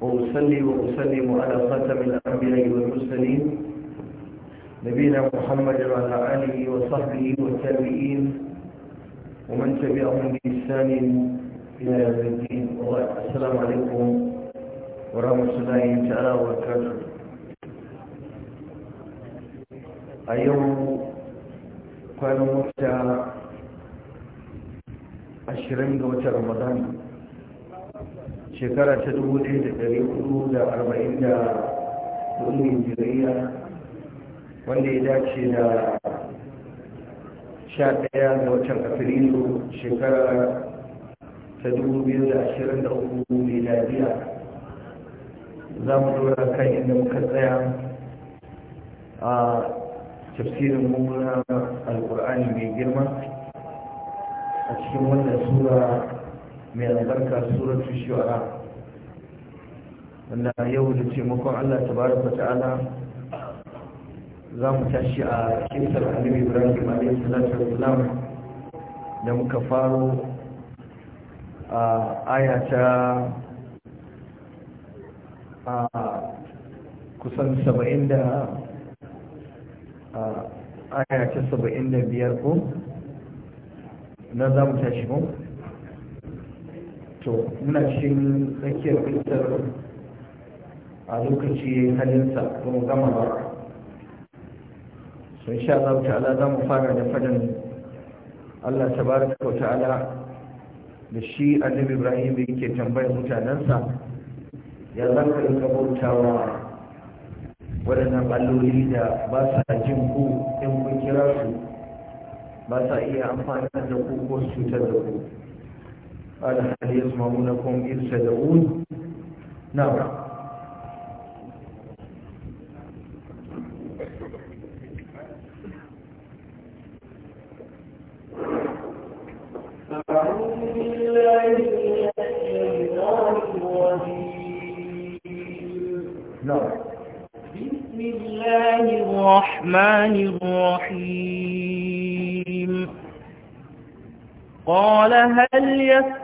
وأصلي وأسلم على خاتم الأنبياء والمرسلين نبينا محمد وعلى آله وصحبه والتابعين ومن تبعهم بإحسان إلى يوم الدين السلام عليكم ورحمة الله تعالى وبركاته اليوم كان عشرين دوت رمضان shekara ta dubu ɗaya da ɗari hudu da arba'in da hudu hijiriya wanda ya dace da sha ɗaya ga watan afrilu shekara ta dubu biyu da ashirin da uku miladiya za mu dora kan inda muka tsaya a tafsirin mummuna alkur'ani mai girma a cikin wannan sura mai albarka suratul shu'ara wanda yau da taimakon Allah tabaraka ta'ala za mu tashi a kisar annabi Ibrahim alaihi salatu wassalam da muka faro a aya ta a kusan saba'in da aya ta biyar ko na za mu tashi ko to muna cikin tsakiyar fitar a lokaci halinsa ba mu gama ba sha za mu ta'ala za mu fara da fadin Allah tabaraka wa ta'ala da shi annabi Ibrahim yake tambayar mutanensa ya za ka yi kabautawa waɗannan alloli da ba sa jin ku in kun kira su ba sa iya amfani da ku ko cutar da ku قال هل يسمعونكم إذ تدعون نعم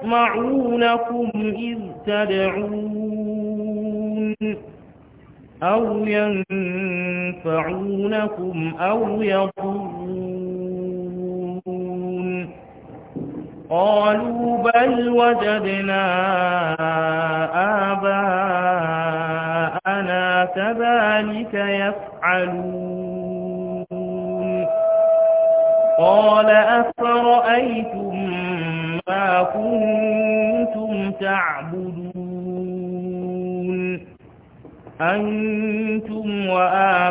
يسمعونكم إذ تدعون أو ينفعونكم أو يضرون قالوا بل وجدنا آباءنا كذلك يفعلون قال أفرأيتم ما كنتم تعبدون أنتم وآباؤكم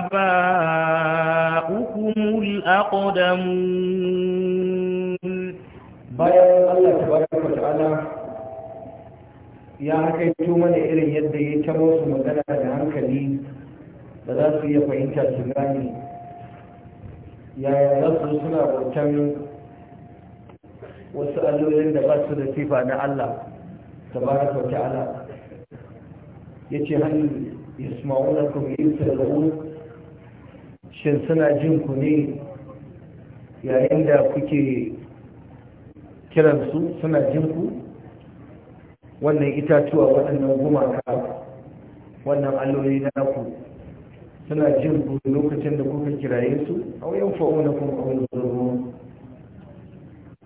الأقدمون bayan Allah tabaraka wa ta'ala ya haka yi mana irin yadda ya tamo su magana da hankali da za su iya fahimta su gane yaya za su suna bautan wasu allolin da ba su da sifa na Allah tabaraka wa ta'ala yace hal yasma'unakum yusallun shin suna jin ku ne yayin da kuke kiran su suna jin ku wannan itatuwa waɗannan gumaka wannan alloli na ku suna jin ku lokacin da kuka kiraye su a wayan fa'unakum a wani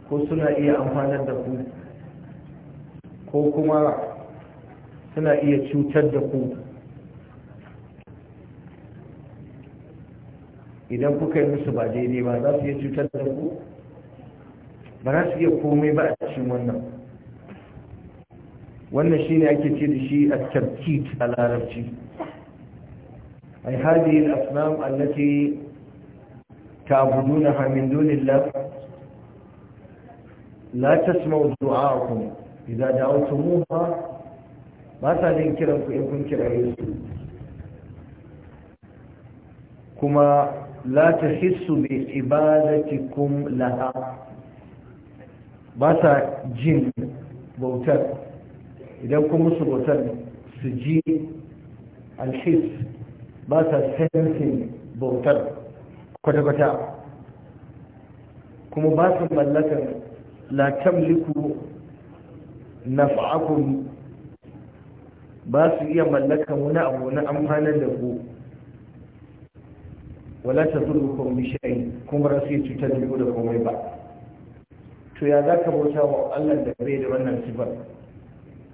ko suna iya amfanar da ku ko kuma suna iya cutar da ku idan kuka yi musu ba daidai ba za su iya cutar da ku ba za su iya komai ba a cikin wannan wannan shine ake ce da shi a tarkit a larabci ai hadihi al-asnam allati ta'budunaha min dunillah la tasma'u du'a'akum idza da'awtumuha ba sa jin kiran in kun kiraye su kuma la tahissu bi ibadatikum laha ba sa jin bautar idan kuma musu bautar su ji alhis ba sa sensin bautar kwata kuma ba su mallakar la tamliku naf'akum ba su iya mallaka wani abu na amfanar da ku wala ta zuru ko mishayi kuma rasu ya cutar da da komai ba to ya za ka bauta wa allah da bai da wannan sifar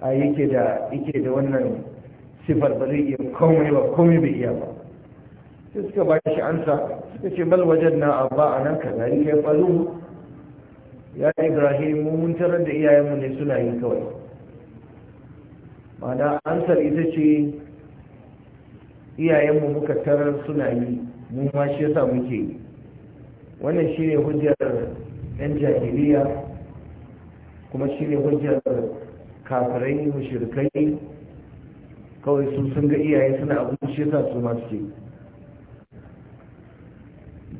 a yake da yake da wannan sifar ba zai iya komai ba komai bai iya ba sai suka ba shi ansa suka ce bal wajen na abba a nan ka zari kai faluhu ya ibrahim mun tarar da iyayenmu ne suna yi kawai ma'ana ansar ita ce iyayenmu muka tarar suna yi mun ma shi yasa muke yi wannan shi ne hujjar 'yan jahiliya kuma shi ne hujjar kafirai mushrikai kawai su sun ga iyaye suna abin shi yasa su masu ce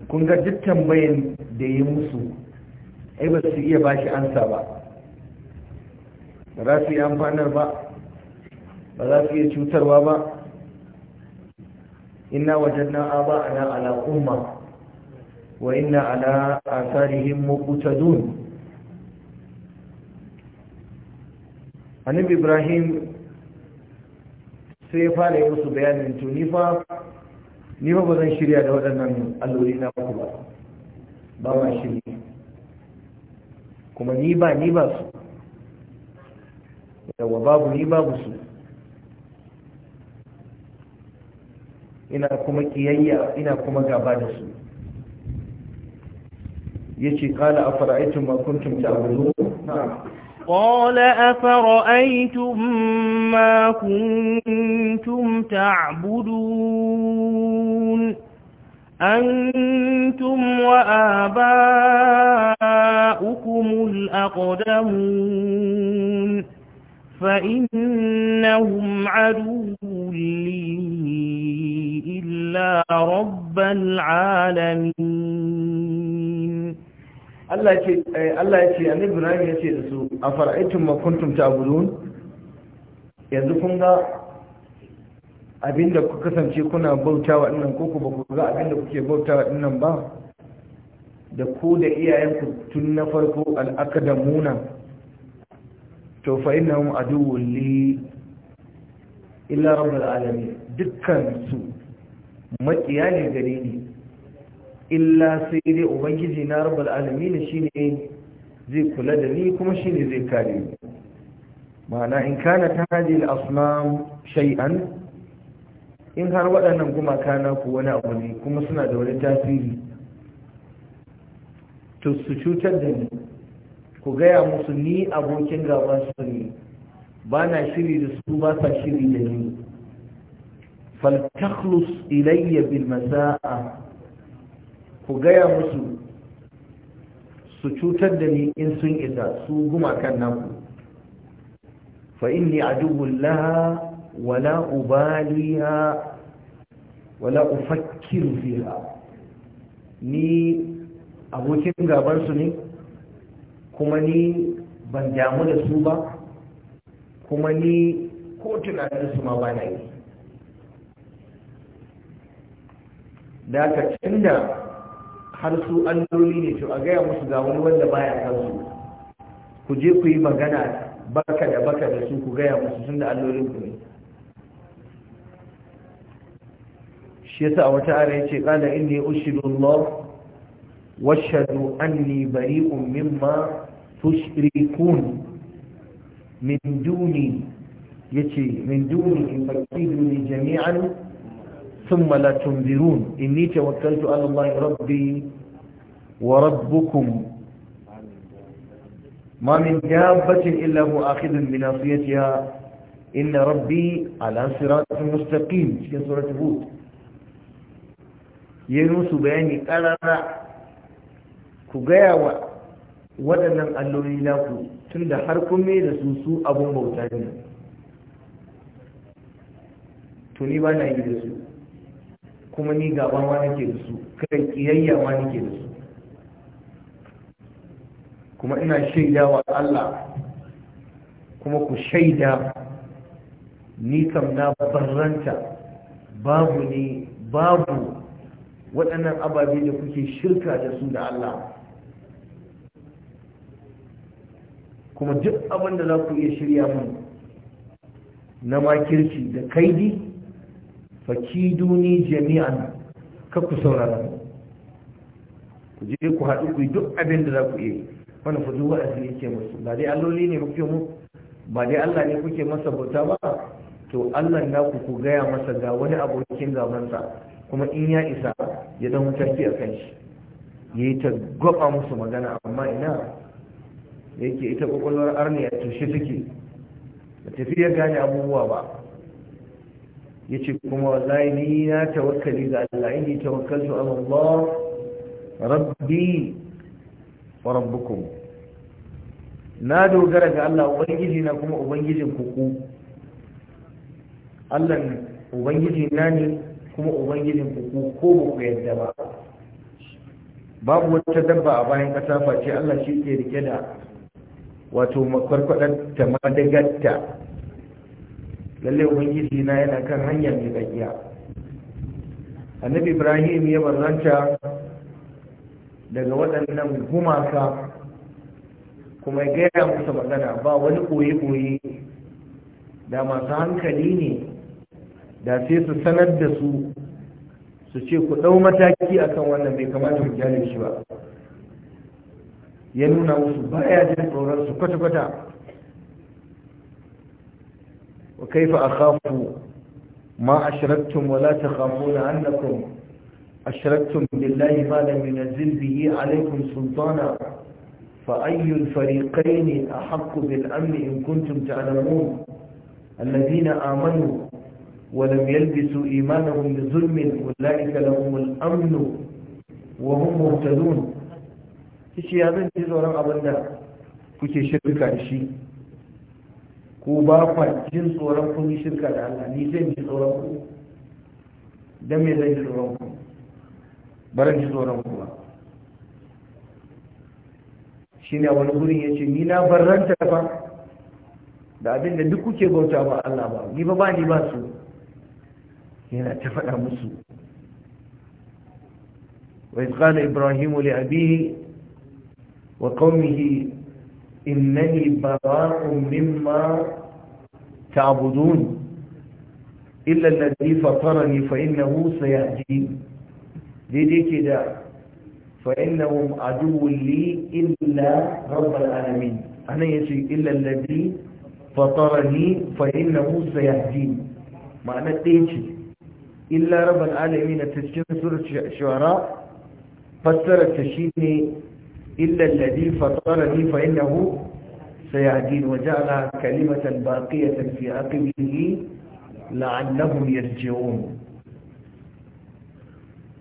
kun ga duk tambayin da yi musu ai ba su iya bashi ansa ba ba za su yi amfanar ba ba za su iya cutarwa ba inna wajen na'a ba ana ala umma wa inna ala mabuta dun hannun ibrahim sai ya fara yi musu bayanin tunifa nifa fa ni ba zan shirya da waɗannan alloli na ku ba ba ma shirya kuma ni ba ni ba su yawa babu ni babu su ina kuma kiyayya ina kuma gaba da su yace kala afara'aytum ma kuntum ta'budun قال أفرأيتم ما كنتم تعبدون أنتم وآباؤكم آباؤكم الأقدمون فإنهم عدو لي إلا رب العالمين الله يتي أن إبراهيم يتي ya أفرأيتم ما كنتم تعبدون fara'itun ذا abinda ku kasance kuna bautawa dinnan ko ku ba ku ga abinda kuke bautawa dinnan ba da ku da iyayenku tun na farko al'akadamuna to fa ina mu li illa rabbil alamin dukkan su ne gare ni illa sai dai ubangiji na rabbal alamin shine zai kula da ni kuma shine zai kare ni ma'ana in kana hadhihi al-asnam shay'an in har waɗannan gumaka na ku wani abu ne kuma suna da wani tasiri to su cutar da ni ku gaya musu ni abokin gaban su ne ba na shiri da su ba sa shiri da ni faltakhlus ilayya bil masa'a ku gaya musu su cutar da ni in sun isa su gumakan naku fa inni aduwwun laha wala ubaliha wala ufakkiru fiha ni abokin gabansu ne kuma ni ban damu da su ba kuma ni ko su ma ba na yi da da har su alloli ne to a gaya musu ga wani wanda baya kansu ku je ku yi magana baka da baka da su ku gaya musu sun da allolin ku ne shi yasa wata ara yace qala inni ushidu lor. واشهدوا أني بريء مما تشركون من دوني يتي من دوني إن فكيدوني جميعا ثم لا تنذرون إني توكلت على الله ربي وربكم ما من دابة إلا هو آخذ بناصيتها إن ربي على صراط مستقيم في سورة هود ينوس بياني ألا ku gaya wa waɗannan alloli naku tun da har kun da su su abun bauta ne to ni ba na yi da su kuma ni gaba ma nake da su kai kiyayya ma nake da su kuma ina shaida wa Allah kuma ku shaida ni kam na barranta babu ne babu waɗannan ababe da kuke shirka da su da Allah kuma duk abin da za ku iya shirya mun na makirci da kaidi fakiduni jami'an ka ku saurara ku je ku haɗu ku yi duk abin da za ku iya yi wani fa zuwa a zai ce musu ba dai alloli ne kuke mu ba dai allah ne kuke masa bauta ba to allah na ku ku gaya masa ga wani abokin gabansa kuma in ya isa ya dan wutar a kan shi ya yi ta gwaba musu magana amma ina da yake ita kwakwalwar arniya tushe take ba tafiyar gane abubuwa ba ya ce kuma wallahi ni na tawakkali ga Allah inni tawakkaltu ala Allah rabbi wa rabbukum na dogara ga Allah ubangiji na kuma ubangijin ku Allah ubangiji na ne kuma ubangijin ku ko ba ku yadda ba babu wata dabba a bayan kasa face Allah shi ke rike da wato makwarkwadar ta madagatta lalle ubangiji na yana kan hanyar mai tsakiya annabi ibrahim ya barranta daga waɗannan gumaka kuma ya gaya musu magana ba wani ɓoye-ɓoye da masu hankali ne da sai su sanar da su su ce ku ɗau mataki akan wannan bai kamata mu gyale shi ba ya nuna musu baya jin tsoron su kwata-kwata wa kaifa akhafu ma ashraktum wa la takhafuna annakum ashraktum billahi ma lam yunzil bihi alaykum sultana fa فأي الفريقين أحق بالأمن إن كنتم تعلمون الذين آمنوا ولم يلبسوا إيمانهم بظلم أولئك لهم wa وهم مهتدون shi ya zan ce sauran abin da kuke shirka da shi ko ba kwa jin tsoron kun yi shirka da Allah ni zan ji tsoron ku dan me zan ji tsoron ku baran ji tsoron ku ba ne wani gurin yace ni na barranta fa da abin da duk kuke bauta ba Allah ba ni ba ba ni ba su yana ta faɗa musu wa iz qala ibrahimu li وقومه إنني براء مما تعبدون إلا الذي فطرني فإنه سيهدين دي كده فإنهم عدو لي إلا رب العالمين أنا يشيء إلا الذي فطرني فإنه سيهدين معنى تيجي إلا رب العالمين تسجن سورة الشعراء فسرت تشيني إلا الذي فطرني فإنه سيهدين وجعلها كلمة باقية في عقبه لعلهم يرجعون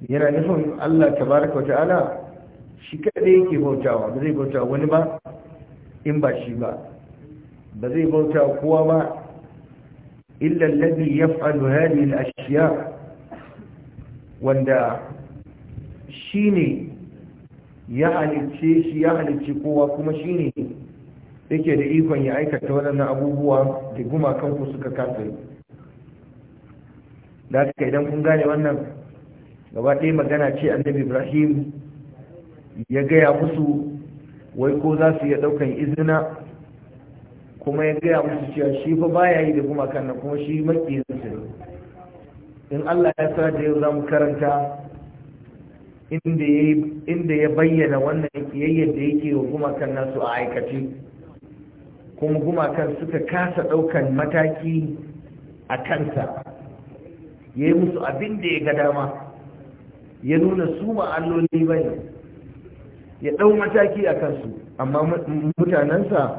yana nufin Allah tabaraka wata'ala shi kaɗai yake bautawa ba zai bauta wani ba in ba ba ba zai bauta kowa ba illa alladhi yaf'alu hadhihi al-ashya wanda ya halicce shi ya halicci kowa kuma ne yake da ikon ya aikata waɗannan abubuwa da gumakan ku suka kasa yi da aka idan kun gane wannan gaba ɗaya magana ce annabi ibrahim ya gaya musu wai ko za su iya ɗaukan izina kuma ya gaya musu cewa shi fa baya yi da gumakan nan kuma shi yin in allah ya sa da yau za mu karanta inda ya bayyana wannan kiyayyar da yake wa gumakan nasu a aikace kuma gumakan suka kasa ɗaukan mataki a kansa ya yi musu abin da ya ga dama ya nuna su ma'alloli ba ne ya ɗau mataki a kansu amma mutanensa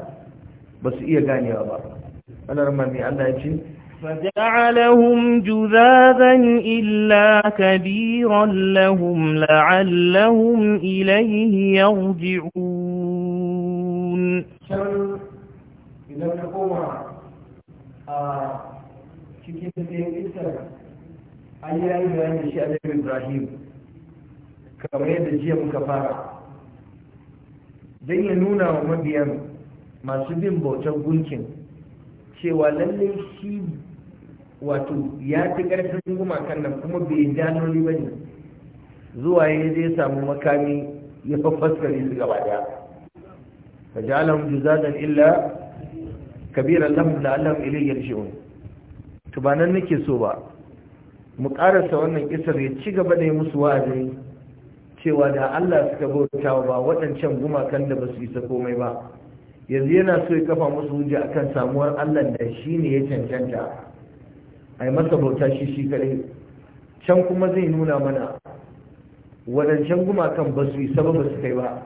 ba su iya ganewa ba. Allah mai Allah ya ce فجعلهم جذابا إلا كبيرا لهم لعلهم إليه يرجعون إذا نقوم cikin yi shi annabi ibrahim kamar yadda jiya muka fara don ya nuna wa mabiyan masu bin bautar gunkin cewa lallai shi wato ya ci ƙarfin gumakan nan kuma bai janoli ba ne zuwa ya je samu makami ya fafaskare su gaba daya fa ja'alahum juzadan illa kabiran lahum da ilayhi yarji'un to ba nan nake so ba mu karasa wannan kisar ya ci gaba da yi musu wa'azi cewa da Allah suka bauta ba waɗancan gumakan da ba su isa komai ba yanzu yana so ya kafa musu hujja akan samuwar Allah da shi ne ya cancanta a yi masa bauta shi shi kare can kuma zai nuna mana wadancan gumakan ba su yi saba ba su kai ba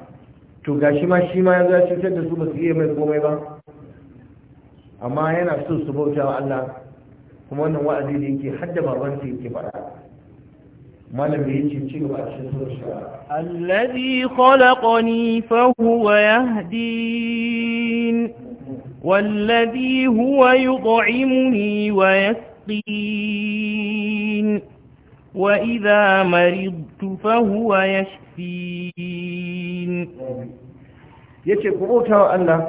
to ga shi ma shi ma ya zai cutar da su ba su iya mai komai ba amma yana so su bauta wa Allah kuma wannan wa'azi ne yake hadda babansa yake fara khalaqani fa huwa يهدين والذي هو يطعمني ويسر الطين وإذا مرضت فهو يشفين yace ku bauta wa Allah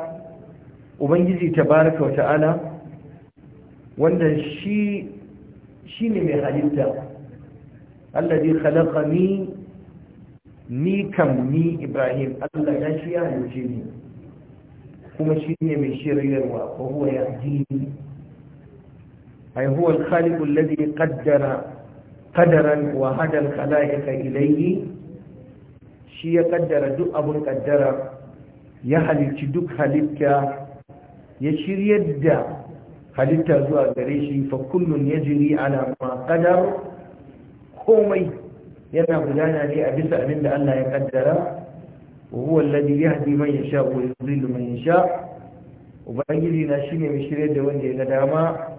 ubangiji tabaraka wata'ala wanda shi shine mai halitta zai khalaqani ni kam ni ibrahim Allah ya shi ya halice ni kuma shine mai shiryarwa ko huwa yahdini أي هو الخالق الذي قدر قدرا وهدى الخلائق إليه shi ya ƙaddara duk abun ƙaddara. ya halicci duk halitta ya shiryar da halitta zuwa gare shi fa kullun yajri ala ma qadar komai yana gudana ne a bisa abin da Allah ya kaddara huwa alladhi yahdi man yasha wa yudhillu man yasha ubangiji na shine mai shiryar da wanda ya dama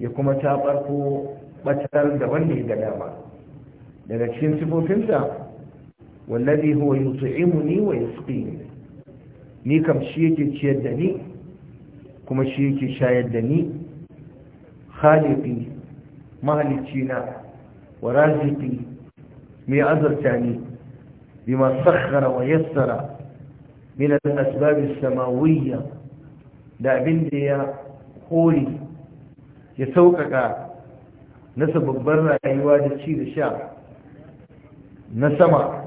ya kuma ta ko ɓatar da wanda ya ga dama daga cikin sifofinsa wallazi huwa yut'imuni wa yasqini ni kam shi yake ciyar da ni kuma shi yake shayar da ni khaliqi mahalicina wa raziqi mai azurta ni bima sakhara wa yassara min al-asbab as-samawiyya da abin da ya hori ya sauƙaƙa na sababbin rayuwa da ci da sha na sama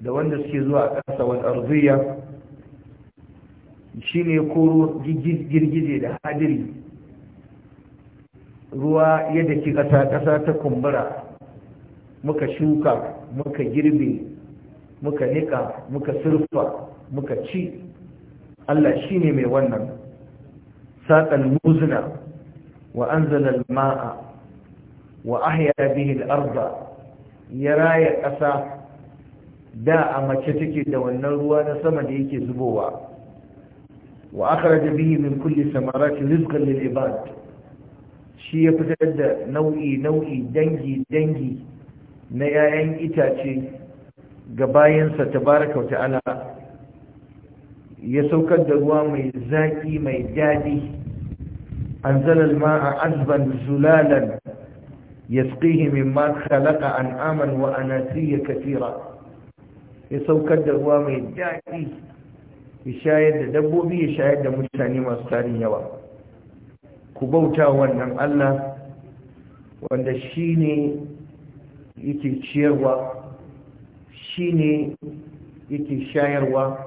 da wanda suke zuwa ƙasa wani arziya shi ne koro girgije da hadiri ruwa yadda ki ƙasa ƙasa ta kumbura muka shuka muka girbe muka niƙa, muka surfa muka ci Allah shi ne mai wannan saƙan muzina وأنزل الماء وأحيا به الأرض يراي قسا داء ما تتكي دا والنروى نسمى ديك زبوا وأخرج به من كل ثمرات رزقا للعباد shi ya fitar da nau'i-nau'i dangi-dangi na 'ya'yan itace ga bayansa tabaraka wa ya saukar da ruwa mai zaƙi mai daɗi أنزل الماء عذبا زلالا يسقيه مما خلق أنعاما وأناسيا كثيرا يسوكر دوامي دائي يشاهد دبوبي يشاهد مجتاني مستاني يوا كبوتا ونم الله wanda shi ne yake ciyarwa shi ne yake shayarwa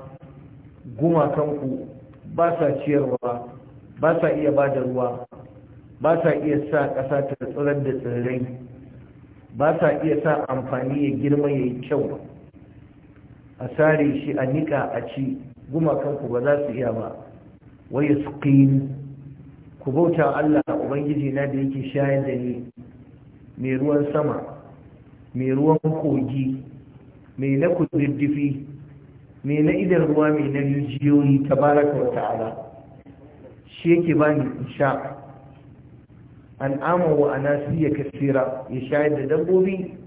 gumakanku ba sa ciyarwa ba sa iya ba da ruwa ba sa iya sa ƙasa ta tsirar da tsirrai ba sa iya sa amfani ya girma ya yi kyau a sare shi a niƙa a ci gumakanku ba za su iya ba wai su ku bauta Allah Ubangiji na da yake shayar da ni mai ruwan sama mai ruwan kogi mai na kududdufi mai na idan ruwa mai na rijiyoyi baraka wa ta'ala shi yake bani in sha an amawa kasira ya shayar da dabbobi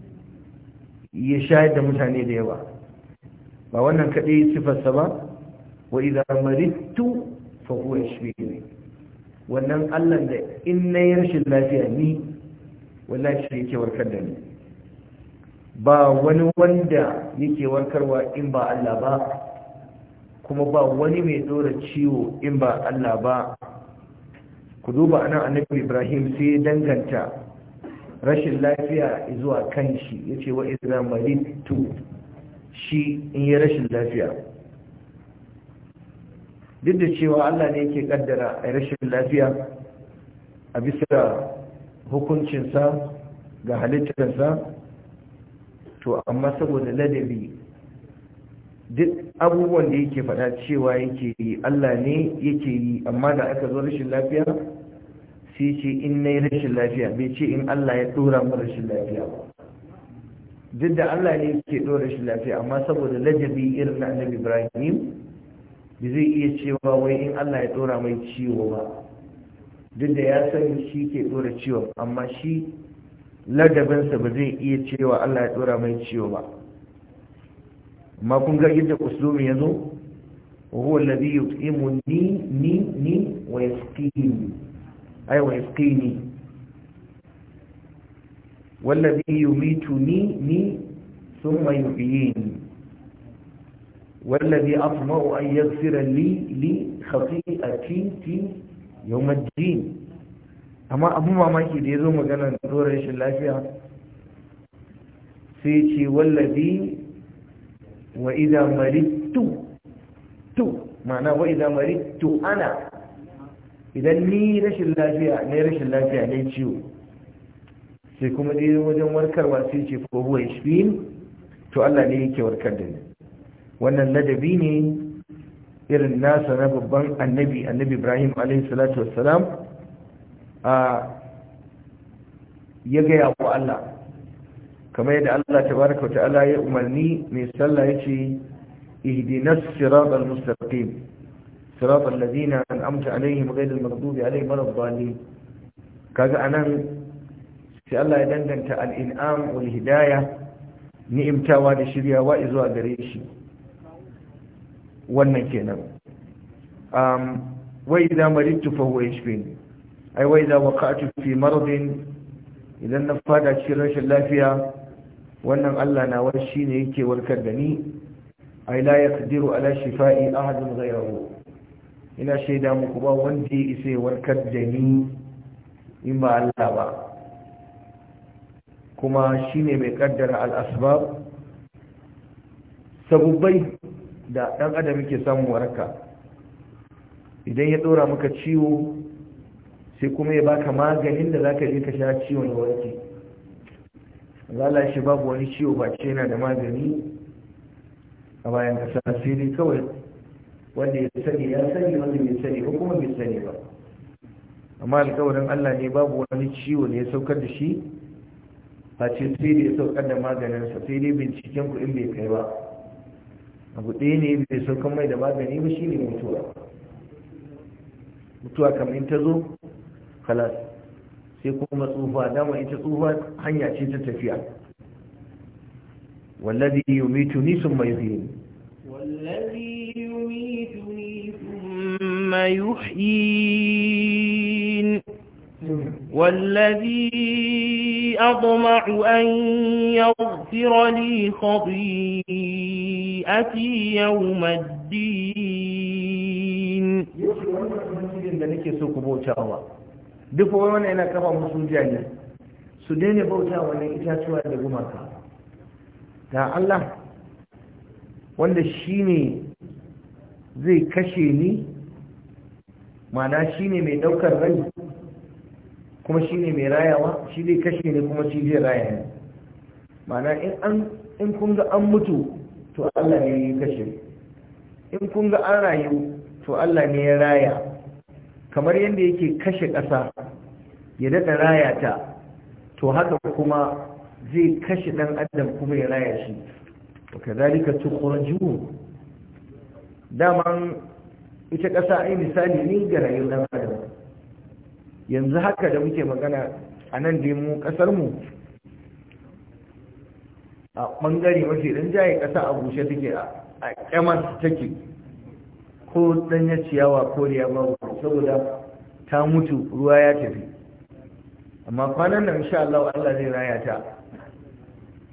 ya shayar da mutane da yawa ba wannan kaɗai sifarsa ba wa idan marittu fa huwa wannan Allah da in na yi rashin lafiya ni wallahi shi yake warkar da ni ba wani wanda yake warkarwa in ba Allah ba kuma ba wani mai dora ciwo in ba Allah ba ku duba anan annabi Ibrahim sai danganta rashin lafiya zuwa kan shi yace wa idza maridtu shi in yi rashin lafiya duk da cewa Allah ne yake kaddara a rashin lafiya a bisa hukuncinsa ga halittarsa to amma saboda ladabi duk abubuwan da yake faɗa cewa yake yi Allah ne yake yi amma da aka zo rashin lafiya sai ce in na yi rashin lafiya bai ce in Allah ya ɗora mu rashin lafiya duk da Allah ne yake ɗora rashin lafiya amma saboda lajabi irin na annabi Ibrahim bai zai iya cewa wai in Allah ya ɗora mai ciwo ba duk da ya sani shi ke ɗora ciwon amma shi ladabinsa ba zai iya cewa Allah ya ɗora mai ciwo ba amma kun ga yadda uslumi ya zo wa huwa alladhi yut'imu ni ni ni wa wa والذي يميتني ني ثم يحييني والذي أطمع أن يغفر لي لي خطيئتي يوم الدين amma abu mamaki da ya zo maganar tsoron rashin lafiya sai ce wa idza maridtu tu ma'ana wa maridtu ana idan ni rashin lafiya ne rashin lafiya ne ciwo sai kuma dai wajen warkarwa sai ce ko huwa yashfin to Allah ne yake warkar da ni wannan ladabi ne irin nasa na babban annabi annabi Ibrahim alaihi salatu wassalam a ya gaya wa Allah kamar yadda Allah tabaraka wa ta'ala ya umarni mai sallah yace ihdinas siratal mustaqim siratal ladina an'amta alaihim ghayril maghdubi alaihim waladdallin kaga anan sai Allah ya danganta al-in'am wal hidayah ni'imtawa da shiryawa zuwa gare shi wannan kenan um wa idza maridtu fa huwa yashfini ai wa idza waqa'tu fi maradin idan na fada cikin rashin lafiya wannan Allah na war shi ne yake warkar da ni ai la yaqdiru ala shifa'i ahadun ghayruhu ina shaida muku ba wanda ya isa warkar da ni in ba Allah ba kuma shine mai kaddara al-asbab da dan adam ke samun waraka idan ya dora maka ciwo sai kuma ya baka maganin da zaka je ka sha ciwon ya warke zala shi babu wani ciwo ba ce yana da magani a bayan kasa asiri kawai wanda ya sani ya sani wanda bai sani ko kuma bai sani ba amma alkawarin Allah ne babu wani ciwo ne ya saukar da shi a ce sai da ya saukar da maganinsa sai dai binciken ku in bai kai ba abu ɗaya ne bai saukar mai da magani ba shi ne mutuwa mutuwa kamar in ta zo kalas sai kuma tsufa dama ita tsufa hanya ce ta tafiya wallazi yumituni thumma yuhyini wallazi yumituni thumma yuhyin wallazi adma'u an yaghfira li khati'ati yawmiddin yau wannan da nake so ku bautawa duk wani yana kafa musu jami'a. su daina bauta wannan itatuwa da gumaka da Allah wanda shi ne zai kashe ni mana shi ne mai daukar rai kuma shi ne mai rayawa shi zai kashe ni kuma shi zai raya ni mana in kun ga an mutu to Allah ne ya kashe in kun ga an rayu to Allah ne ya raya kamar yadda yake kashe ƙasa ya daɗa raya ta to haka kuma zai kashe ɗan adam kuma ya raya shi wa kazalika tukhraju daman ita ƙasa ai misali ne ga rayuwar ɗan adam yanzu haka da muke magana a nan da mu ƙasar mu a ɓangare mafi rinjaye ƙasa a bushe take a ƙyamar take ko ɗanya ciyawa ko da ba saboda ta mutu ruwa ya tafi amma kwanan nan insha Allah Allah zai raya ta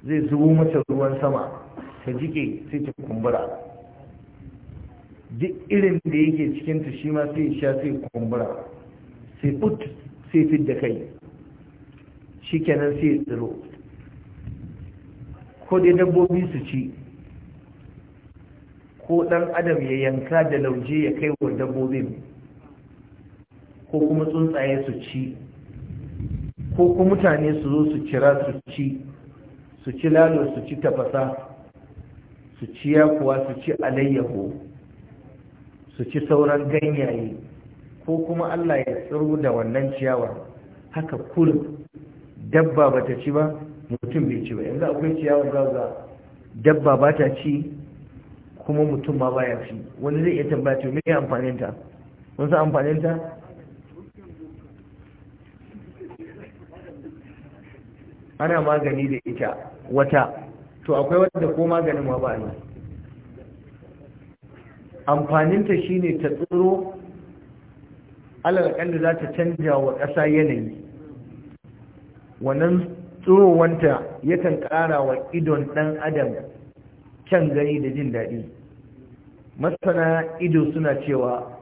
zai zubo mata ruwan sama ta jike sai ta kumbura duk irin da yake cikin ta shi ma sai sha sai kumbura sai put sai fit da kai kenan sai tsiro ko dai dabbobi su ci ko dan adam ya yanka da lauje ya kai wa dabbobin ko kuma tsuntsaye su ci ko kuma mutane su zo su cira su ci su ci lalo su ci tafasa su ci yakuwa su ci alayyaho su ci sauran ganyaye ko kuma Allah ya tsiru da wannan ciyawar haka kul dabba ba ta ci ba mutum bai ci ba yanzu akwai ciyawar za dabba ba ta ci kuma mutum ma baya ci wani zai iya tambaya to me amfaninta wani amfaninta ana magani da ita wata to akwai wanda ko maganin ma ba ne amfaninta shine ta tsiro da za ta canja wa ƙasa yanayi wannan tsirowanta yakan ƙara wa idon ɗan adam can gani da jin daɗi masana ido suna cewa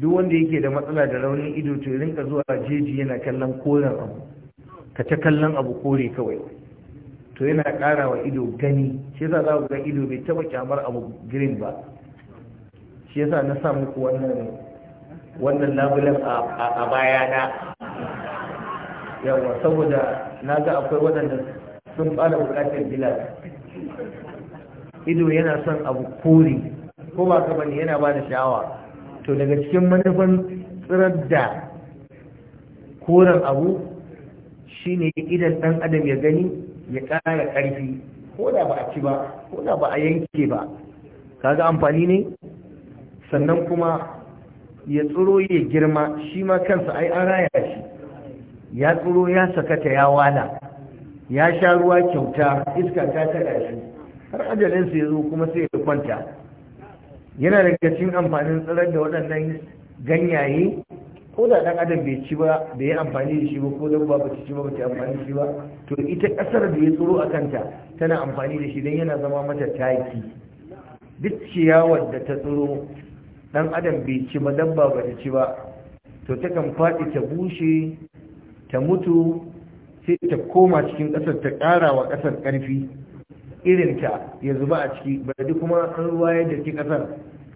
duk wanda yake da matsala da raunin ido to rinka zuwa jeji yana kallon koren abu ka ta kallon abu kore kawai to yana ƙara wa ido gani shi yasa za ku ga ido bai taba kyamar abu green ba shi yasa na sa muku wannan wannan labulan a bayana yawa saboda na ga akwai waɗanda sun fara bukatar gilas ido yana son abu kore ko ba ka bane yana ba da sha'awa to daga cikin manufan tsirar da koren abu ne idan ɗan adam ya gani ya ƙara ƙarfi ko da ba a ci ba ko da ba a yanke ba kaga amfani ne sannan kuma ya tsiro ya girma shi ma kansa ai an raya shi ya tsiro ya sakata ya wala ya sha ruwa kyauta iska ta taɗa shi har ajalinsa ya zo kuma sai ya kwanta yana daga cikin amfanin tsirar da waɗannan ganyaye ko da dan adam bai ci ba bai yi amfani da shi ba ko dabba ba ci ba ba ta amfani da shi ba to ita kasar da ya tsoro a kanta tana amfani da shi don yana zama mata taki duk ciyawar da ta tsoro dan adam bai ci ba dabba ba ta ci ba to ta kan faɗi ta bushe ta mutu sai ta koma cikin kasar ta ƙara wa ƙasar ƙarfi irinta ya zuba a ciki ba duk kuma an ruwa yadda ke kasar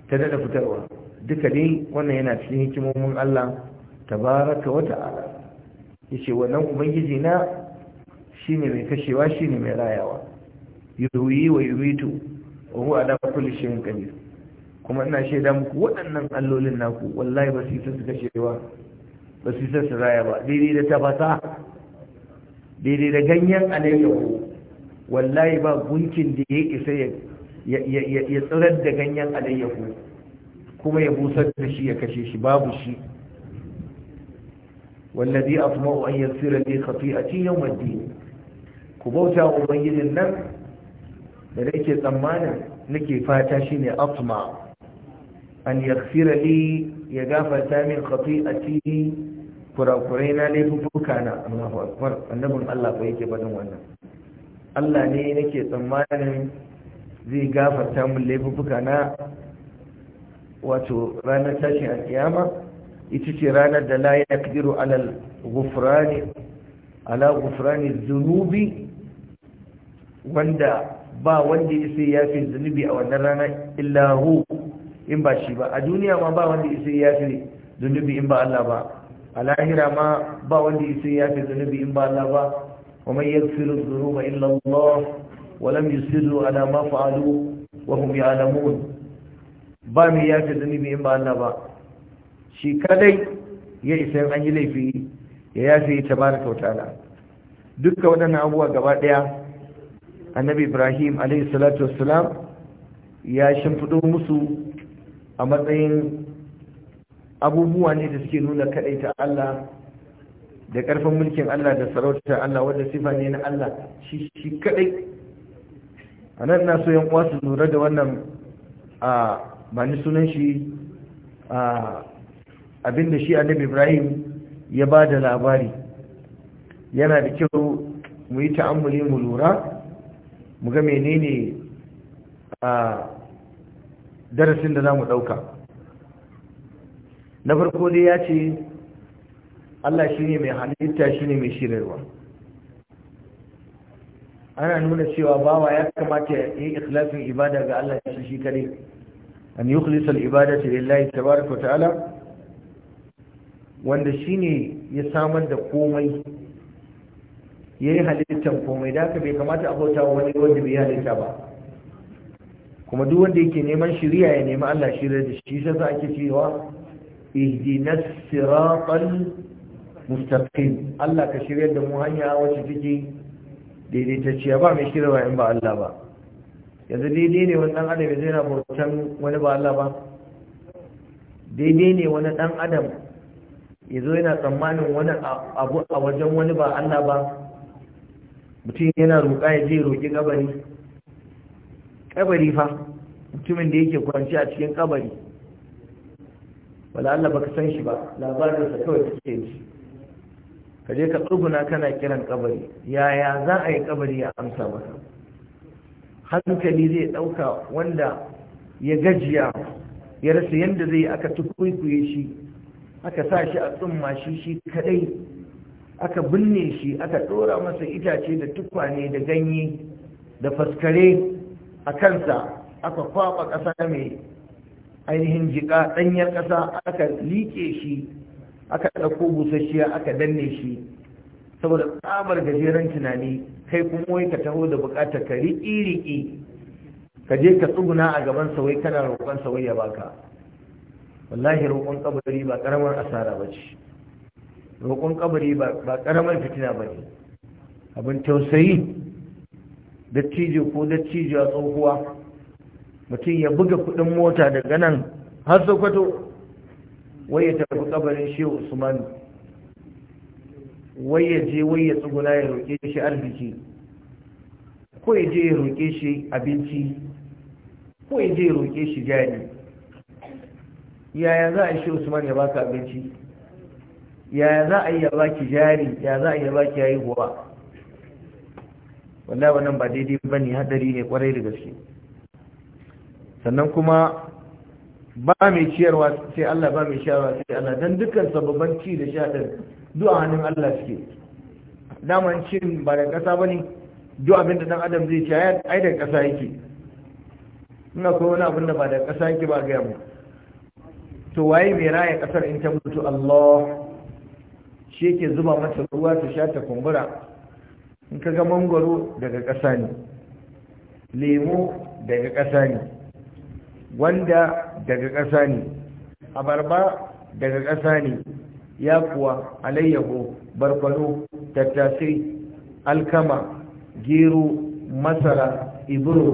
ta daɗa fitarwa duka dai wannan yana cikin hikimomin Allah tabaraka wa ta'ala yace wannan ubangiji na shine mai kashewa shine mai rayawa yuhyi wa yumitu wa huwa ala kulli shay'in qadir kuma ina shaida muku waɗannan allolin naku wallahi ba su yi su kashewa ba su yi su raya ba daidai da tafasa daidai da ganyen alayyahu wallahi ba gunkin da ya isa ya tsirar da ganyen alayyahu kuma ya busar da shi ya kashe shi babu shi wallazi atma'u an yasira li khati'ati yawm ad-din ku bauta ubangijin nan da nake tsammanin nake fata shine atma an yaghfira li ya gafarta min khati'ati kurakurai na laifuka na Allahu akbar annabin Allah ba yake faɗin wannan Allah ne nake tsammanin zai gafarta min laifuka na wato ranar tashin alkiyama ita ce ranar da la yaqdiru alal ghufrani ala ghufrani zunubi. wanda ba wanda ya sai ya fi zunubi a wannan rana illa hu in ba shi ba a duniya ma ba wanda ya sai ya fi zunubi in ba Allah ba a lahira ma ba wanda ya sai ya fi zunubi in ba Allah ba wa man yaghfiru dhunuba illa Allah wa lam yusiru ala ma fa'alu wa hum ya'lamun ba mai yafe zunubi in ba Allah ba shi kadai ya isa an yi laifi ya fi ta baraka wa ta'ala Duka waɗannan abubuwa gaba ɗaya annabi ibrahim alaihi salatu ya shimfiɗo musu a matsayin abubuwa ne da suke nuna kadai ta Allah da ƙarfin mulkin Allah da sarauta Allah wanda sifa ne na Allah shi shi kadai a nan na so yan uwa su lura da wannan a ba ni sunan shi abinda shi annabi ibrahim ya ba da labari yana da kyau mu yi ta'ammuli mu lura mu ga menene a darasin da za mu ɗauka na farko dai ya ce allah shi ne mai halitta shi ne mai shirarwa ana nuna cewa bawa ya kamata ya yi ikhlasin ibada ga allah shi shi kare an yukhlis al-ibadati lillahi tabaaraka ta'ala wanda shine ya samar da komai yayi halittar komai da bai kamata a bauta wani wanda bai halitta ba kuma duk wanda yake neman shiriya ya nemi Allah shirya da shi sai ke cewa ihdinas siratal mustaqim Allah ka shiryar da mu hanya wacce take daidaitacciya ba mai shirya in ba Allah ba yanzu daidai ne wani dan adam ya zai na bautan wani ba Allah ba daidai ne wani dan adam ya zo yana tsammanin wani abu a wajen wani ba Allah ba mutum yana roƙa ya je roƙi kabari kabari fa mutumin da yake kwanci a cikin kabari wala Allah baka san shi ba labarin sa kawai kake ji ka je ka tsuguna kana kiran kabari yaya za a yi kabari ya amsa maka hankali zai ɗauka wanda ya gajiya ya rasa yadda zai aka tukwikuye shi aka sa shi a tsumma shi shi kadai aka binne shi aka ɗora masa itace da tukwane da ganye da faskare a kansa aka kwaba ƙasa mai ainihin jiƙa ɗanyar ƙasa aka liƙe shi aka ɗauko busasshiya aka danne shi saboda tsabar gajeren tunani kai kuma wai ka taho da bukatar ka riƙi-riƙi ka je ka tsuguna a gaban sauyi kana roƙon sauyi ya baka wallahi roƙon kabari ba ƙaramar asara ba ce roƙon kabari ba ƙaramar fitina ba ne abin tausayi dattijo ko dattijo a tsohuwa mutum ya buga kuɗin mota daga nan har sokoto wai ya tafi kabarin shehu Usman? wai ya je wai ya tsuguna ya roƙe shi arziki ko ya je ya roƙe shi abinci ko ya je ya roƙe shi jari yaya za a shi usman ya baka abinci yaya za a yi ya baki jari ya za a yi ya baki haihuwa wallahi wannan ba daidai ba ne hadari ne kwarai da gaske sannan kuma ba mai ciyarwa sai Allah ba mai ciyarwa sai Allah don dukkan sababan ci da shaɗin. zuwa hannun Allah suke daman cin ba da ƙasa ba ne duk abin da ɗan adam zai ci ai da ƙasa yake ina kuma wani abin da ba da ƙasa yake ba gaya mu to waye mai raya ƙasar in ta mutu Allah shi yake zuba mata ruwa ta sha ta kumbura in ka ga mangwaro daga ƙasa ne Lemu daga ƙasa ne gwanda daga ƙasa ne abarba daga ƙasa ne ya kuwa alayyahu barkwano tattasai alkama gero masara iburo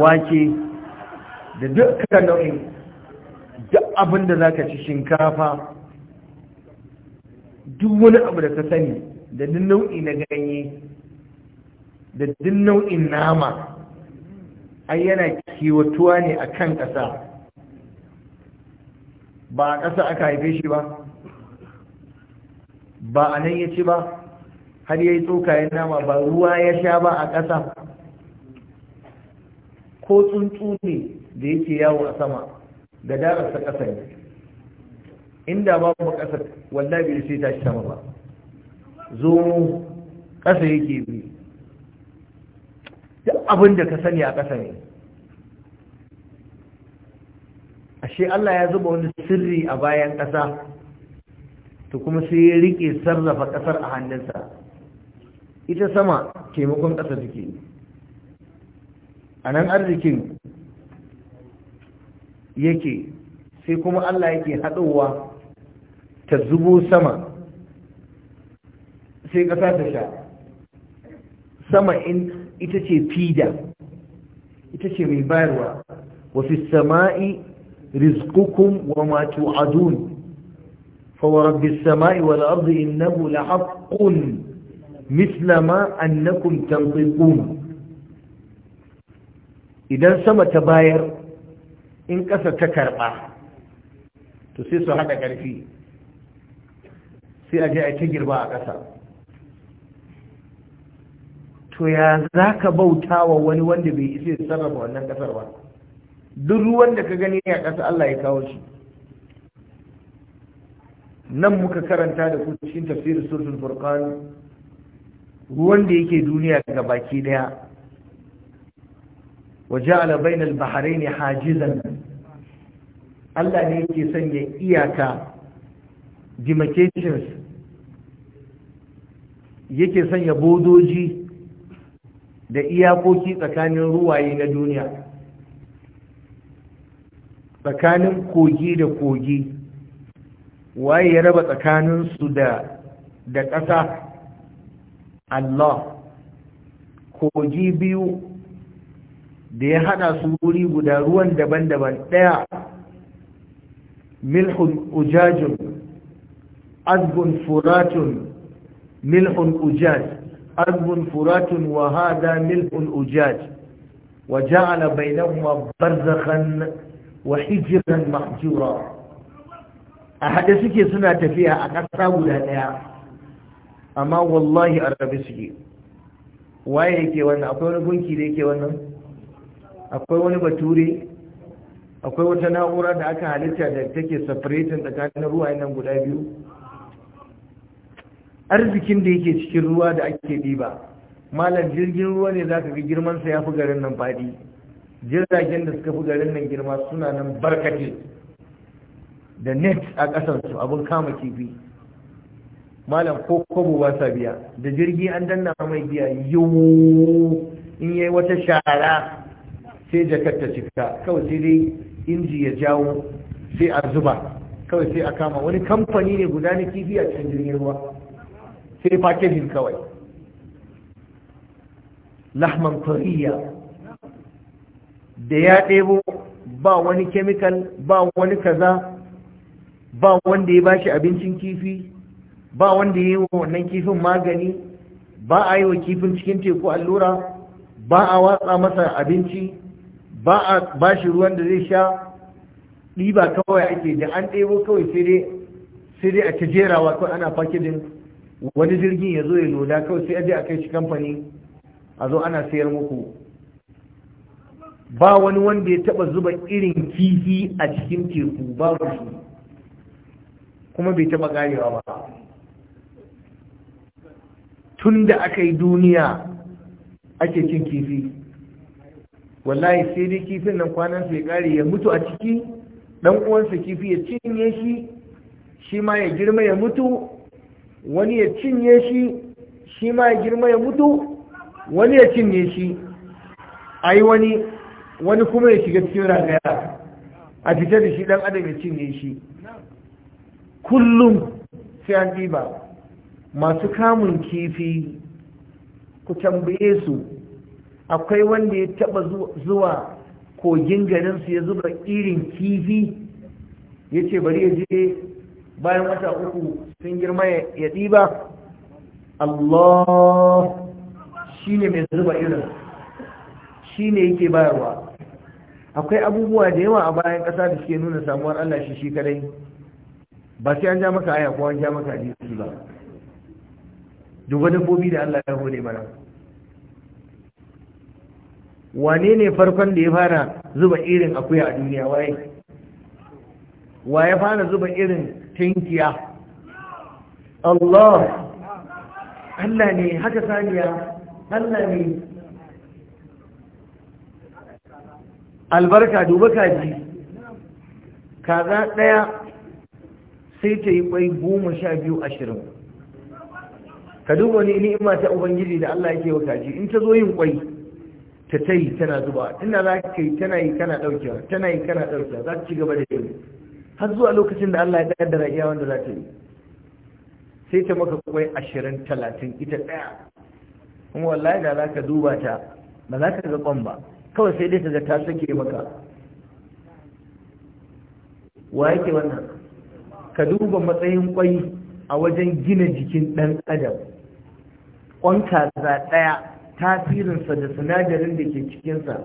wake da dukkan nau'in duk abin da za ka ci shinkafa duk wani abu da ka sani da duk nau'i na ganye da duk nau'in nama ai yana kiwatuwa ne a kan ƙasa ba a ƙasa aka haife shi ba ba a nan ya ci ba har ya yi tsokayen nama ba ruwa ya sha ba a ƙasa ko tsuntsu ne da yake yawo a sama da darasa ƙasa ne inda babu ƙasa wanda bai sai tashi sama ba zo ƙasa yake bi duk abin da ka sani a ƙasa ne shi Allah ya zuba wani sirri a bayan ƙasa to kuma sai ya riƙe sarrafa ƙasar a hannunsa ita sama taimakon ƙasa take a nan arzikin yake sai kuma Allah yake haɗowa ta zubo sama sai ƙasa ta sha sama in ita ce fida ita ce mai bayarwa wafi sama'i رزقكم وما توعدون فورب السماء والأرض إنه لحق مثل ما أنكم تنطقون إذا سما تباير إن كسا تكرقا تسيسو هذا كارفي سيأجأ تجربة كسا to ya za ka bauta wa wani wanda bai isa sarrafa wannan kasar ba duk ruwan da ka gani a ƙasa Allah ya kawo shi nan muka karanta da ku cikin tafsirin suratul furqan ruwan da yake duniya ga baki daya waja'ala bainal bahrayn hajizan Allah ne yake sanya iyaka demarcations yake sanya bodoji da iyakoki tsakanin ruwaye na duniya tsakanin kogi da kogi waye ya raba tsakaninsu da da ƙasa Allah kogi biyu da ya hada su wuri guda ruwan daban-daban ɗaya milhun ujajun azbun furatun milhun ujaj azbun furatun wa hada milhun ujaj wa ja'ala bainahuma barzakhan wa hijiran mahjura a haɗe suke suna tafiya a ƙasa guda ɗaya amma wallahi a rabe suke waye yake wannan akwai wani gunki da yake wannan akwai wani bature akwai wata na'ura da aka halitta da take separating tsakanin ruwa nan guda biyu arzikin da yake cikin ruwa da ake ɗiba malam jirgin ruwa ne za ka ga girmansa ya fi garin nan faɗi jiragen da suka fi garin nan girma suna nan barkate da net a su abin kama kifi malam ko kobo ba sa biya da jirgi an danna mai biya yiwu in yayi wata shara sai jakar ta cika kawai sai dai inji ya jawo sai a zuba kawai sai a kama wani kamfani ne guda na kifi a cikin jirgin ruwa sai fakejin kawai lahman koriya da ya ɗebo ba wani kemikal ba wani kaza ba wanda ya bashi abincin kifi ba wanda ya yi wa wannan kifin magani ba a yi wa kifin cikin teku allura ba a watsa masa abinci ba a bashi ruwan da zai sha ɗiba kawai ake da an ɗebo kawai sai dai a ta jerawa wato ana fakidin wani jirgin ya zo ya loda kawai sai a je a kai shi kamfani a zo ana sayar muku ba wani wanda ya taba zuba irin kifi a cikin teku ba shi kuma bai taba ƙarewa ba tun da aka yi duniya ake cin kifi wallahi sai dai kifin nan kwanan sai kare ya mutu a ciki dan uwansa kifi ya cinye shi shi ma ya girma ya mutu wani ya cinye shi shi ma ya girma ya mutu wani ya cinye shi ai wani wani kuma ya shiga cikin ragaya a fitar da shi dan adam ya cinye shi kullum sai an ɗiba masu kamun kifi ku tambaye su akwai wanda ya taba zuwa kogin garinsu ya zuba irin kifi ya ce bari ya je bayan wata uku sun girma ya ɗiba Allah shi ne mai zuba irin shi ne yake bayarwa akwai abubuwa da yawa a bayan ƙasa da suke nuna samuwar Allah shi shi kadai ba sai an ja maka aya ko an ja maka hadisi ba duba dabbobi da Allah ya hore mana wane ne farkon da ya fara zuba irin akuya a duniya waye wa ya fara zuba irin tinkiya Allah Allah ne haka saniya Allah ne albarka duba kaji kaza ɗaya sai ta yi ƙwai goma sha biyu ashirin ka duba ni ni'ima ta ubangiji da Allah yake wa kaji in ta zo yin ƙwai ta ta yi tana zuba Ina za ka yi tana yi kana ɗaukewa tana yi kana ɗaukewa za ka ci gaba da yi har zuwa lokacin da Allah ya ƙaddara iya wanda za ta yi sai ta maka ƙwai ashirin talatin ita daya kuma wallahi da za ka duba ta ba za ka ga kwan ba kawai sai dai daga ta sake maka wa yake wannan ka duba matsayin kwai a wajen gina jikin ɗan adam kwan kaza ɗaya tasirinsa da sinadarin da ke cikinsa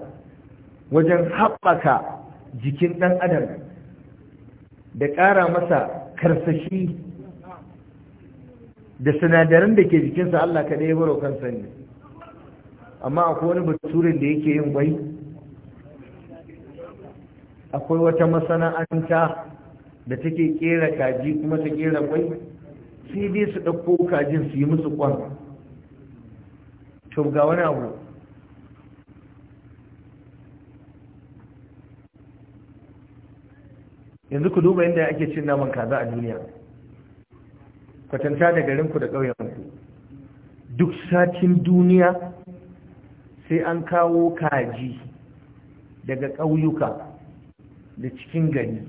wajen haɓaka jikin ɗan adam da ƙara masa karsashi da sinadarin da ke jikinsa Allah kaɗai ya baro kansa ne amma akwai wani baturin da yake yin kwai akwai wata masana'anta da take kera kaji kuma ta kera kwai sai dai su ɗauko kajin su yi musu kwan to ga wani abu yanzu ku duba yadda ake cin naman kaza a duniya kwatanta da garinku da ƙauyenku duk satin duniya sai an kawo kaji daga ƙauyuka da cikin gari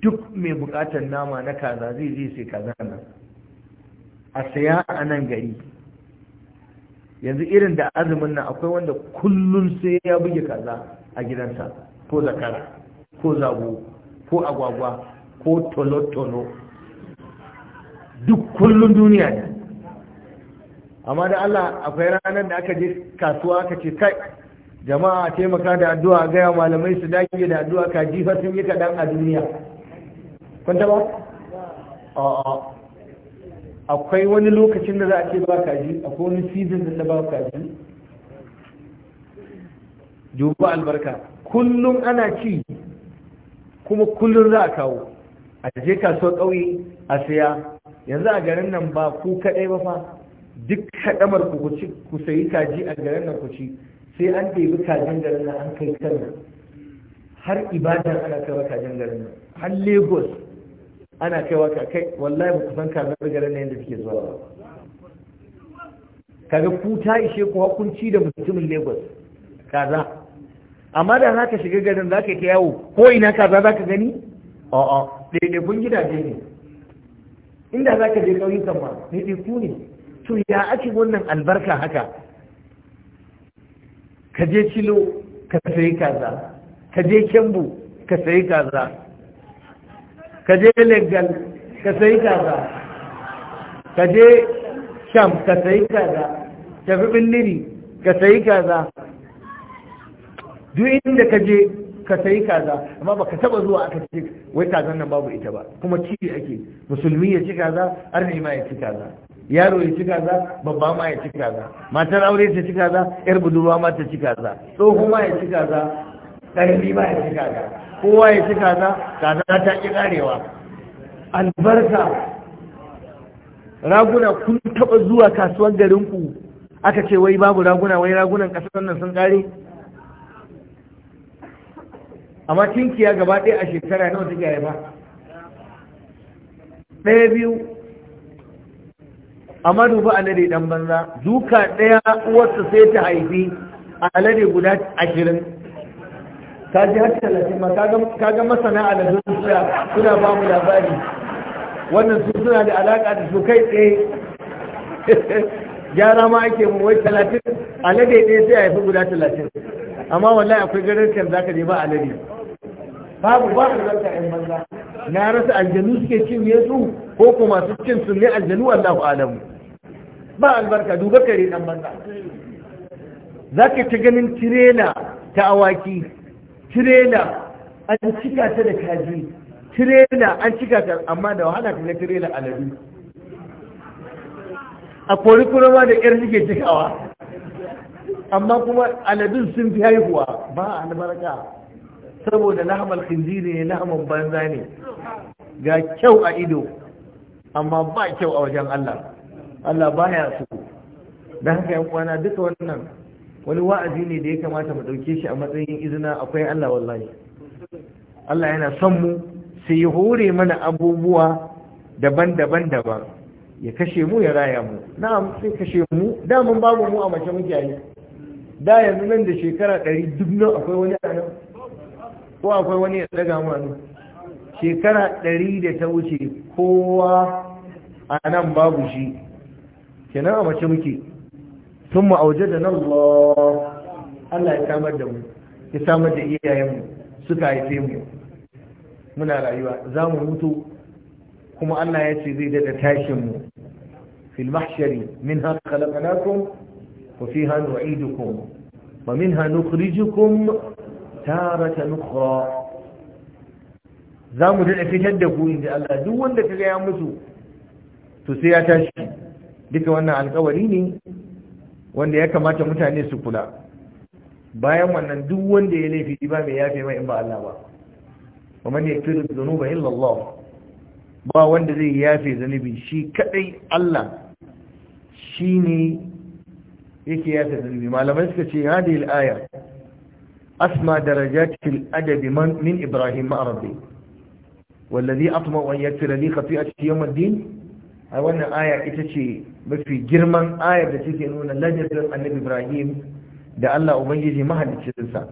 duk mai buƙatar nama na kaza zai je sai kaza nan a saya a nan gari yanzu irin da azumin nan akwai wanda kullum sai ya buge kaza a gidansa ko zakara ko zago ko agwagwa ko tolotolo duk kullum duniya ne amma da Allah akwai ranar da aka je kasuwa ka ce kai jama'a taimaka da addu'a gaya malamai su dage da addu'a ka jifa sun yi kaɗan a duniya kun taɓa? a'a akwai wani lokacin da za a ce ba kaji akwai wani season da ta ba kaji duba albarka kullum ana ci kuma kullum za a kawo a je kasuwar ƙauye a siya yanzu a garin nan ba ku kaɗai ba fa duk kaɗamar ku ku sayi kaji a garin nan ku ci sai an ɗebi kajin garin nan an kai kan har ibadan ana kaiwa kajin garin nan har lagos ana kaiwa wa kai wallahi ba ku san kajin garin nan yadda suke zuwa ba kaga ku ta ishe ku hukunci da mutumin lagos kaza amma da za ka shiga garin za ka yi ta yawo ko ina kaza za ka gani a'a ɗaiɗaikun gidaje ne inda za ka je ƙauyukan ma ɗaiɗaiku ne to ya ake wannan albarka haka ka je kilo ka sayi kaza ka je kyambu ka sayi kaza ka je legal ka sayi kaza ka je sham ka sayi kaza Ka fi billiri ka sayi kaza duk inda ka je ka sayi kaza amma ba ka taba zuwa aka ce wai kazan nan babu ita ba kuma ci ake musulmi ya ci kaza arni ma ya ci kaza yaro ya ci kaza babba ma ya ci kaza matar aure ta ci kaza yar budurwa ma ta ci kaza tsoho ma ya ci kaza ƙarfi ma ya ci kaza kowa ya ci kaza kaza ta ƙi ƙarewa albarka raguna kun taɓa zuwa kasuwar garinku aka ce wai babu raguna wai ragunan ƙasar nan sun ƙare amma kinkiya gaba ɗaya a shekara nawa take haifa ɗaya biyu amma duba alade dan banza duka ɗaya uwarsa sai ta haifi alade guda ashirin ta ji har talatin ma ka ga masana aladun suna suna ba mu labari wannan su suna da alaƙa da su kai tsaye gyara ma ake mu wai talatin alade ɗaya sai a haifi guda talatin amma wallahi akwai garin kan ka je ba alade babu ba da zanta yan banza na rasa aljanu suke cin yesu ko ko masu cin su ne aljanu Allahu alamu ba albarka duba kare dan banza ka ta ganin tirela ta awaki tirela an cika ta da kaji tirela an cika ta amma da wahala ta tirela aladu a kori kurama da ƙyar suke cikawa amma kuma aladun sun fi haihuwa ba albarka saboda lahamar khinziri ne lahamar banza ne ga kyau a ido amma ba kyau a wajen Allah Allah baya so dan haka yan kwana duka wannan wani wa'azi ne da ya kamata mu dauke shi a matsayin izina akwai Allah wallahi Allah yana son mu sai ya hore mana abubuwa daban-daban daban ya kashe mu ya raya mu na'am sai kashe mu Da mun babu mu a mace muke yi da yanzu nan da shekara 100 duk nan akwai wani a ko akwai wani ya daga manu shekara ɗari da ta wuce kowa a nan babu shi kenan a mace muke sun ma'auje da nan Allah ya samar da mu ya samar da iyayenmu suka haife mu muna rayuwa za mu mutu kuma Allah ya ce zai daga tashinmu fil mahshari min ha khalaqnakum wa fiha nu'idukum wa minha nukhrijukum taratan za mu daɗa fitar da ku inda Allah duk wanda ka gaya musu to sai ya tashi duka wannan alkawari ne wanda ya kamata mutane su kula bayan wannan duk wanda ya laifi ba mai yafe mai in ba Allah ba kuma ne kiri zunuba illa Allah ba wanda zai yafe zanubi shi kadai Allah shine yake yafe zanubi malamai suka ce hadhihi al-aya أسمى درجات في الأدب من, من إبراهيم مع ربي والذي أطمع أن يغفر لي خطيئتي يوم الدين a wannan aya ita ce mafi girman ayar da take nuna lajarin annabi ibrahim da allah ubangiji mahaliccinsa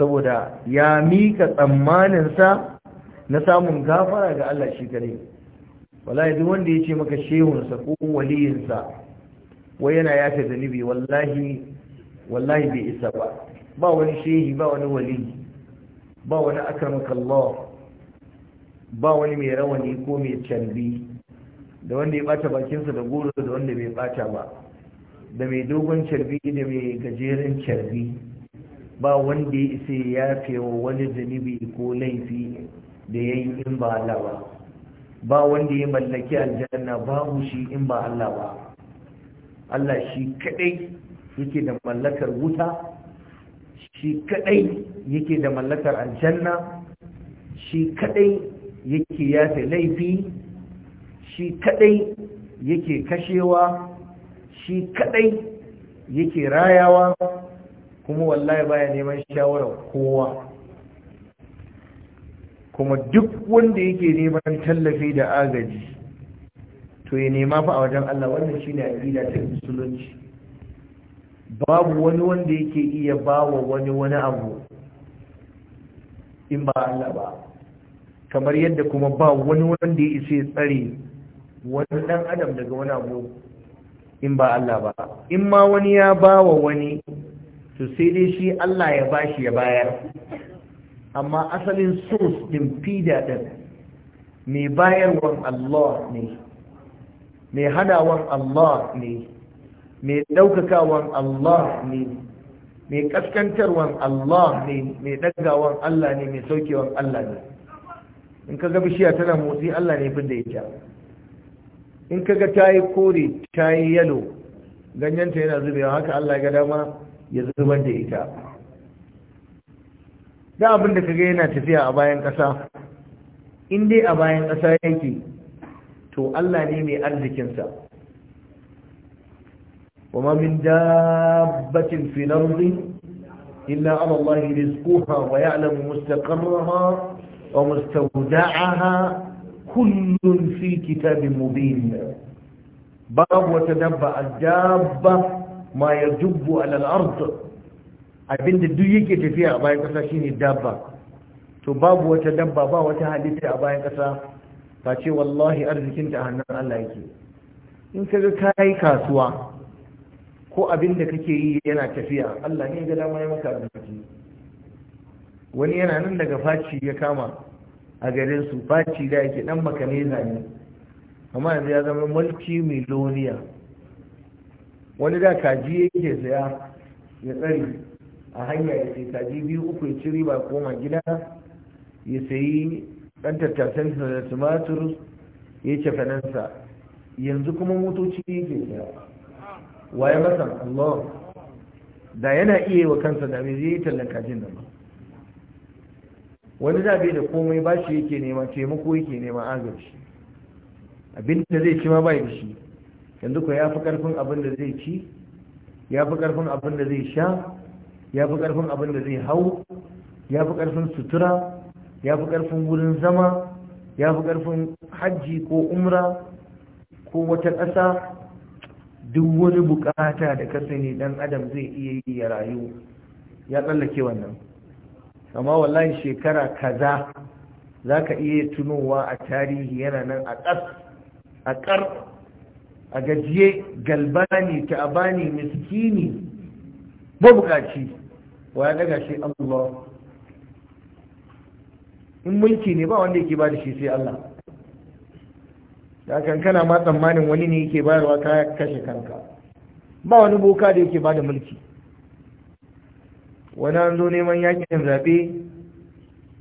saboda ya mika tsammaninsa na samun gafara ga allah shi kare wallahi duk wanda ya ce maka shehunsa ko waliyinsa wai yana yafe zanibi wallahi wallahi bai isa ba ba wani shehi ba wani wali ba wani akramakallah ba wani mai rawani ko mai canbi da wanda ya bata bakinsa da goro da wanda bai bata ba da mai dogon carbi da mai gajeren carbi ba wanda ya isa ya fewa wani zanibi ko laifi da ya yi in ba Allah ba ba wanda ya mallaki aljanna babu shi in ba Allah ba Allah shi kadai yake da mallakar wuta shi kadai yake da mallakar aljanna shi kadai yake yafe laifi shi kadai yake kashewa shi kadai yake rayawa kuma wallahi baya neman shawarar kowa kuma duk wanda yake neman tallafi da agaji to ya nema fa a wajen Allah wannan shine aqida ta musulunci babu wani wanda yake iya bawa wani wani abu in ba Allah ba kamar yadda kuma ba wani wanda ya isa tsare wani dan adam daga wani abu in ba Allah ba in ma wani ya bawa wani to sai dai shi Allah ya bashi ya bayar amma asalin source din fida din mai bayarwan Allah ne mai hadawan Allah ne mai ɗaukakawan Allah ne mai kaskantarwan Allah ne mai ɗagawan Allah ne mai saukewan Allah ne in ka ga bishiya tana motsi Allah ne fin da ita in ka ga ta yi kore ta yi yalo ganyenta yana zubewa haka Allah ga dama ya zubar da ita da abin da ka ga yana tafiya a bayan ƙasa in dai a bayan ƙasa yake to Allah ne mai arzikinsa وما من دابة في الأرض إلا على الله رزقها ويعلم مستقرها ومستودعها كل في كتاب مبين باب وتدبع الدابة ما يدب على الأرض da duk yake tafiya a bayan ƙasa shine dabba to babu wata dabba ba wata halitta a bayan ƙasa ba ce wallahi arzikinta a hannun Allah yake in kaga kayi kasuwa ko abin da kake yi yana tafiya Allah ne ga dama ya maka abinci. wani yana nan daga faci ya kama a garin su faci da yake dan makaneza ne amma yanzu ya zama mulki miloniya wani da kaji yake saya ya tsari a hanya ya sai kaji biyu uku ya ciri ba koma gida ya sayi dan tattasan da tumatur ya ce fanansa yanzu kuma motoci yake saya waye masa Allah da yana iya wa kansa da mai zai tallan kajin ba. wani da bai da komai ba shi yake nema taimako yake nema agaji abin da zai ci ma bai da shi yanzu ko ya fi karfin abin da zai ci ya fi karfin abin da zai sha ya fi karfin abin da zai hau ya fi karfin sutura ya fi karfin wurin zama ya fi karfin hajji ko umra ko wata ƙasa duk wani bukata da ka sani dan adam zai iya yi ya rayu ya tsallake wannan amma wallahi shekara kaza za ka iya tunowa a tarihi yana nan a ƙas a ƙar a gajiye galbani ta'abani miskini mabukaci wa ya daga shi Allah in mulki ne ba wanda yake ba da shi sai Allah da kan kana ma tsammanin wani ne yake bayarwa ka kashe kanka ba wani boka da yake bada mulki wani an zo neman yakin zaɓe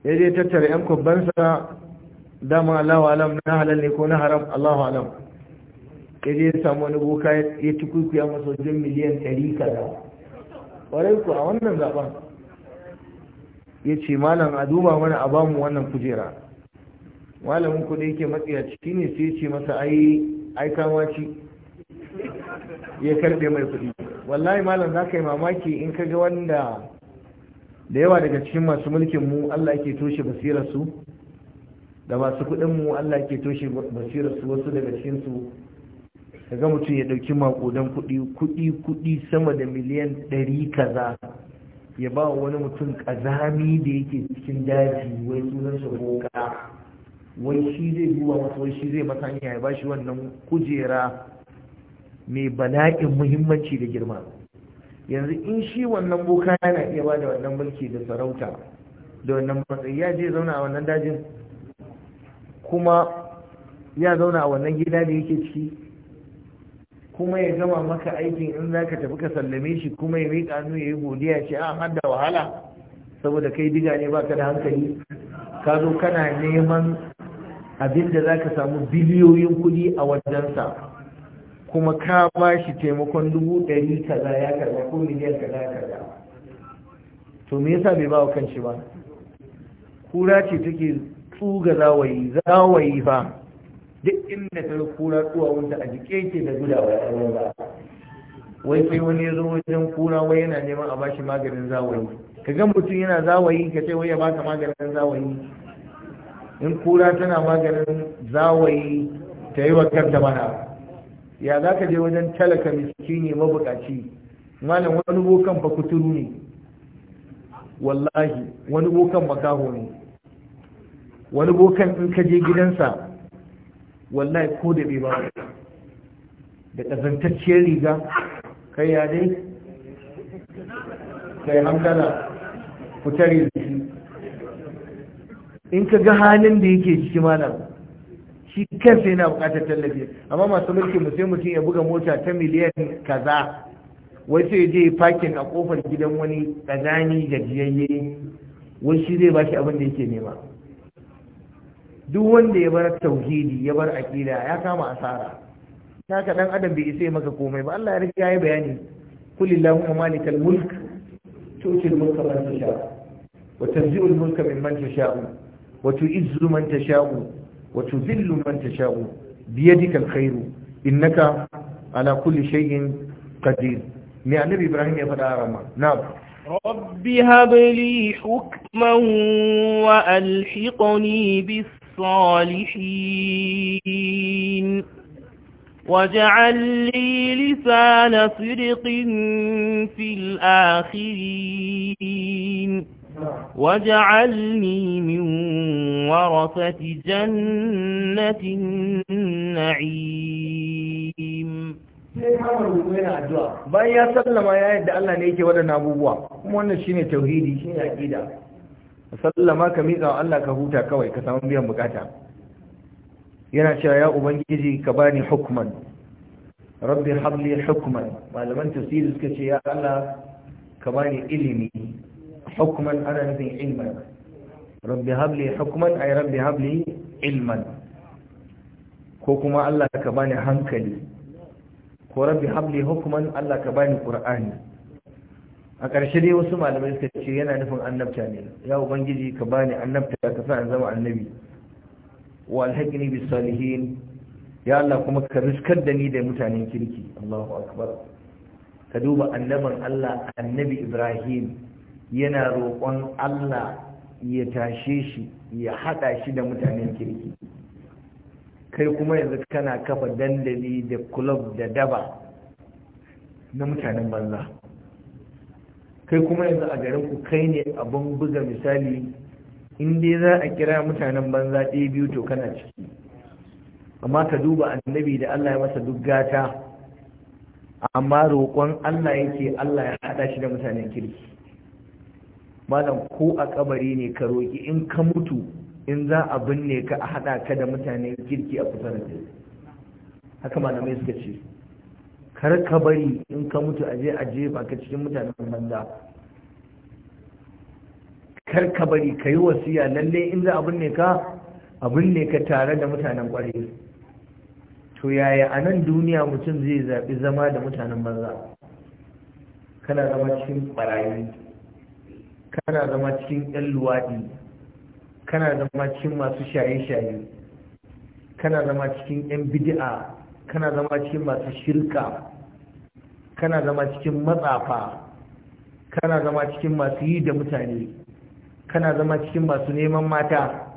ya je tattara 'yan kubbansa dama Allahu alam na halal ne ko na haram Allahu alam ya je samu wani boka ya tukukuya masa jin miliyan 100 kaza ƙwarai ku a wannan zaɓen ya ce malam a duba mana a bamu wannan kujera malamin ku da yake matsiya ciki ne sai ce masa ai ai kamaci ya karbe mai kuɗi wallahi malam za ka yi mamaki in ka ga wanda da yawa daga cikin masu mulkin mu Allah yake toshe basirar su da masu kuɗin mu Allah yake toshe basirar su wasu daga cikin su kaga mutum ya ɗauki makudan kuɗi kuɗi kuɗi sama da miliyan ɗari kaza ya ba wani mutum ƙazami da yake cikin daji wai sunan shi boka wai shi zai duba masa wai shi zai masa hanya ya bashi wannan kujera mai bala'in muhimmanci da girma yanzu in shi wannan boka yana iya ba da wannan mulki da sarauta da wannan matsayi ya je zauna a wannan dajin kuma ya zauna a wannan gida da yake ciki kuma ya gama maka aikin in za ka tafi ka sallame shi kuma ya miƙa hannu ya yi godiya ce a ah, har da wahala saboda kai diga ne ba baka da hankali ka zo kana neman abinda za ka samu biliyoyin kuɗi a wajensa kuma ka ba shi taimakon dubu ɗari kaza ya karɓa ko miliyan kaza ya karɓa to me yasa bai ba wa kanshi ba kura ce take tsuga zawayi zawayi ba, duk inda ta kura wanda a jike ke da gudawa ya ba wai sai wani ya zo wajen kura wai yana neman a ba shi maganin zawayi ka ga mutum yana zawayi ka ce wai ya baka maganin zawayi in kura tana maganin zawayi ta yi wakar da mana ya za ka je wajen talaka miskini mabukaci malam wani bukan fakuturu ne wallahi wani bukan makaho ne wani bukan in ka je gidansa wallahi ko da bai ba da ƙazantacciyar riga kai ya dai kai hankala fitar yi in ka ga halin da yake ciki malam shi kansa yana bukatar tallafi amma masu mulki mu sai mutum ya buga mota ta miliyan kaza wai sai je fakin a kofar gidan wani tsagani gajiyayye wai shi zai ba shi abin da yake nema duk wanda ya bar tauhidi ya bar aqida ya kama asara haka dan adam bai isa maka komai ba Allah ya riga ya bayani kulillahu malikal mulk tu'til mulka man tasha wa tanzi'ul mulka mimman tasha وتعز من تشاء وتذل من تشاء بيدك الخير إنك على كل شيء قدير يا النبي إبراهيم يفدع رمان نعم رب هب لي حكما وألحقني بالصالحين واجعل لي لسان صدق في الآخرين واجعلني من ورثة جنة النعيم bayan ya sallama ya yadda Allah ne yake waɗannan abubuwa kuma wannan shine tauhidi shine aqida sallama ka miƙa wa Allah ka huta kawai ka samu biyan bukata yana cewa ya ubangiji ka bani hukman rabbi habli hukman malaman tasiri suka ce ya Allah ka bani ilimi hukman ana nufin ilman rabbi habli hukman ay rabbi habli ilman ko kuma Allah ka bani hankali ko rabbi habli hukman Allah ka bani qur'ani a ƙarshe dai wasu malamai suka ce yana nufin annabta ne ya ubangiji ka bani annabta ka sa in zama annabi wa alhaqni bis salihin ya Allah kuma ka riskar da ni da mutanen kirki Allahu akbar ka duba annaban Allah annabi Ibrahim yana roƙon Allah ya tashe shi ya haɗa shi da mutanen kirki kai kuma yanzu kana kafa dandali da kulob da daba na mutanen banza kai kuma yanzu a garin ku kai ne abin buga misali in dai za a kira mutanen banza ɗaya biyu to kana ciki amma ka duba annabi da Allah ya masa duk gata amma roƙon Allah yake Allah ya haɗa shi da mutanen kirki malam ko a kabari ne ka roƙi in ka mutu in za a binne ka a haɗa ka da mutanen kirki a kusa da kai haka malamai suka ce kar ka bari in ka mutu a je a je ba ka cikin mutanen banza kar ka bari ka yi wasiya lalle in za a binne ka a binne ka tare da mutanen kwarai to yaya a nan duniya mutum zai zaɓi zama da mutanen banza kana zama cikin ɓarayi kana zama cikin yan luwaɗi kana zama cikin masu shaye-shaye kana zama cikin yan bid'a kana zama cikin masu shirka kana zama cikin matsafa kana zama cikin masu yi da mutane kana zama cikin masu neman mata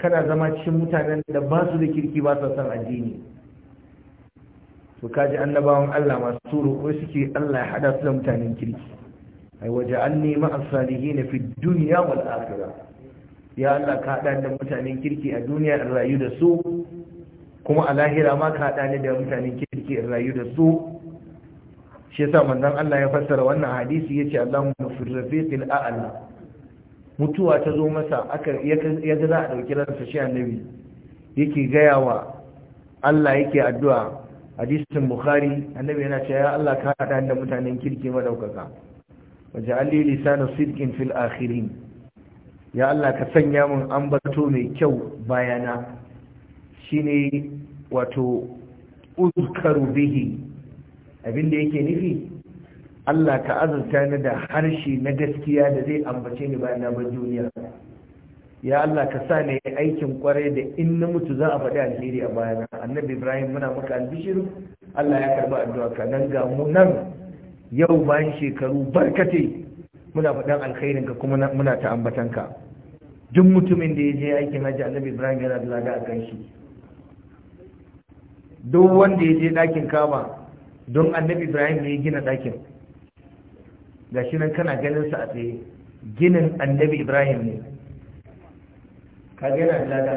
kana zama cikin mutanen da ba su da kirki ba su san addini to kaji annabawan Allah masu ko suke Allah ya hada su da mutanen kirki ai waja'alni ma'as na fi dunya wal akhirah ya Allah ka da mutanen kirki a duniya in rayu da su kuma a lahira ma ka hada ni da mutanen kirki in rayu da su shi yasa manzon Allah ya fassara wannan hadisi yace Allahumma fi rafiqil a'la mutuwa ta zo masa aka ya ga za a dauki ransa shi annabi yake gaya wa Allah yake addu'a hadisin bukhari annabi yana cewa ya Allah ka haɗa da mutanen kirki madaukaka waje'al li lisana sidqin fil akhirin ya Allah ka sanya mun ambato mai kyau bayana shine wato uzkaru bihi abinda yake nufi Allah ka azurta ni da harshe na gaskiya da zai ambace ni bayan na bar duniya ya Allah ka sa ni aikin kwarai da in na mutu za a faɗi alheri a bayana annabi Ibrahim muna maka albishiru Allah ya karba addu'a ka nan ga mu nan yau bayan shekaru barkate muna faɗan alkhairinka kuma muna ta ka duk mutumin da ya je aikin hajji annabi ibrahim yana da lada a kan shi duk wanda ya je ɗakin kama don annabi ibrahim ne ya gina ɗakin ga shi nan kana ganin sa a tsaye ginin annabi ibrahim ne ka gina da lada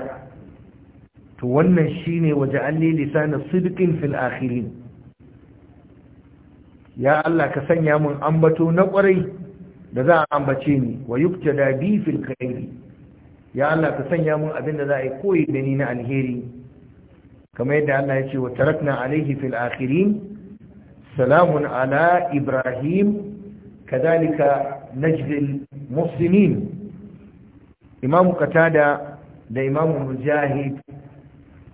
to wannan shine waje an lisanin sidqin fil akhirin ya Allah ka sanya mun ambato na kwarai da za a ambace ni wa da bi fil khairi ya Allah ka sanya mun abin da za a yi koyi da ni na alheri kamar yadda Allah ya ce wa tarakna alaihi fil akhirin salamun ala ibrahim kadhalika najdil muslimin imam qatada da imam mujahid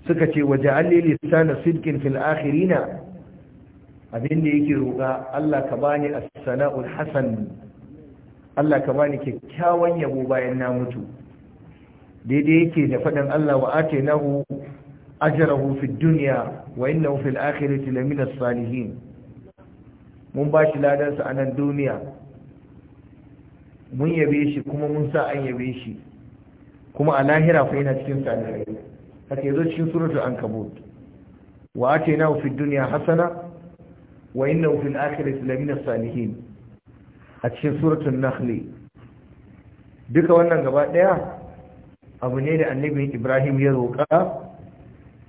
suka ce waje alli lisana sidqin fil akhirina abin da yake roƙa Allah ka bani as-sana'ul hasan Allah ka bani kyakkyawan yabo bayan na mutu daidai yake da faɗin Allah wa atainahu ajrahu fid dunya wa innahu fil akhirati lamina as-salihin mun ba shi ladansa a nan duniya mun yabe shi kuma mun sa an yabe shi kuma a lahira fa yana cikin salihai haka yazo cikin suratul ankabut wa atayna fi dunya hasana wa innahu fil akhirati lamina salihin a cikin suratul nahl duka wannan gaba daya abu ne da annabi Ibrahim ya roƙa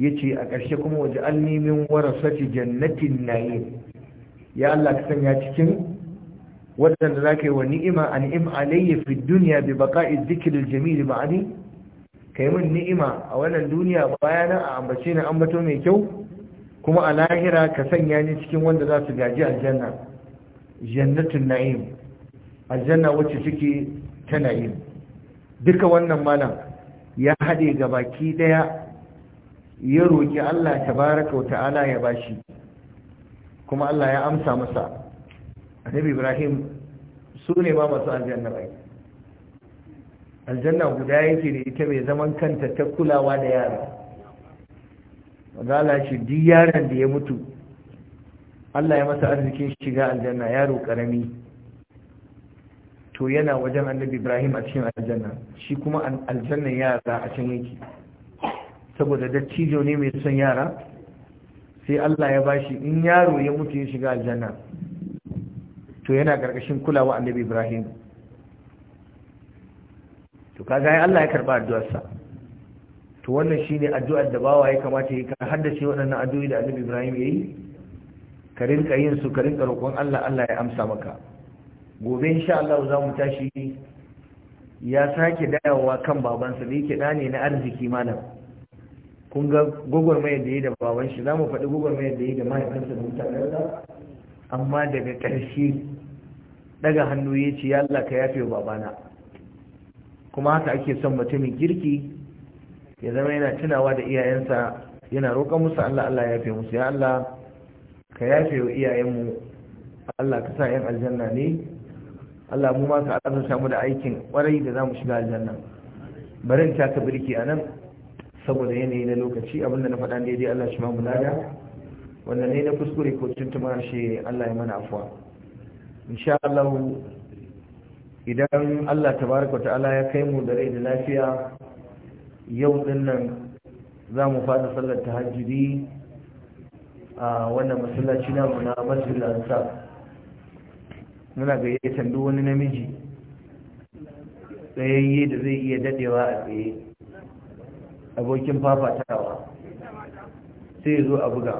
yace a ƙarshe kuma waje min warasati jannatin na'im ya Allah ka sanya cikin waɗanda za yi wa ni'ima a ni'im alayya fi duniya bi baqa'i dhikril jamil ma'ani kai min ni'ima a wannan duniya bayana a ambace na ambato mai kyau kuma a lahira ka sanya ni cikin wanda za su gaji aljanna jannatun na'im aljanna wacce suke ta na'im duka wannan malam ya haɗe ga baki ɗaya ya roƙi Allah tabaraka ta'ala ya bashi kuma Allah ya amsa masa annabi Ibrahim su ne ba masu aljanna bai aljanna guda yake da ita mai zaman kanta ta kulawa da yara manzala shi duk yaron da ya mutu Allah ya masa arzikin shiga aljanna yaro karami to yana wajen annabi Ibrahim a cikin aljanna shi kuma aljanna yara a can yake saboda dattijo ne mai son yara sai Allah ya bashi in yaro ya mutu ya shiga aljanna to yana karkashin kulawa annabi Ibrahim to kaga Allah ya karba addu'arsa to wannan shine addu'ar da bawa ya kamata ya haddace waɗannan addu'o'i da Annabi Ibrahim ya yi? ka rinka yin su ka rinka roƙon Allah Allah ya amsa maka gobe insha Allah za mu tashi ya sake dayawa kan babansa da yake da ne na arziki malam kun ga gwagwarmayar da ya da baban shi za mu faɗi gwagwarmayar da ya da mahaifinsa da amma daga ƙarshe daga hannu ya ce ya Allah ka yafe babana kuma haka ake son mutumin girki. ya zama yana tunawa da iyayensa yana roƙon musu Allah Allah ya yafe musu ya Allah ka yafe wa iyayenmu Allah ka sa yan aljanna ne Allah mu ma ka azurta mu da aikin kwarai da za mu shiga aljanna barin in taka birki a nan saboda yanayi na lokaci abinda na faɗa daidai Allah shi ma mu lada wannan ne na kuskure ko tuntuma shi Allah ya mana afuwa insha Allah idan Allah tabaraka ta'ala ya kai mu da rai da lafiya yau dinnan za mu fada sallar ta tahajjudi a wannan masallaci namu na masjid al-ansar muna gayyatar duk wani namiji tsayayye da zai iya dadewa a tsaye abokin fafatawa sai zo a buga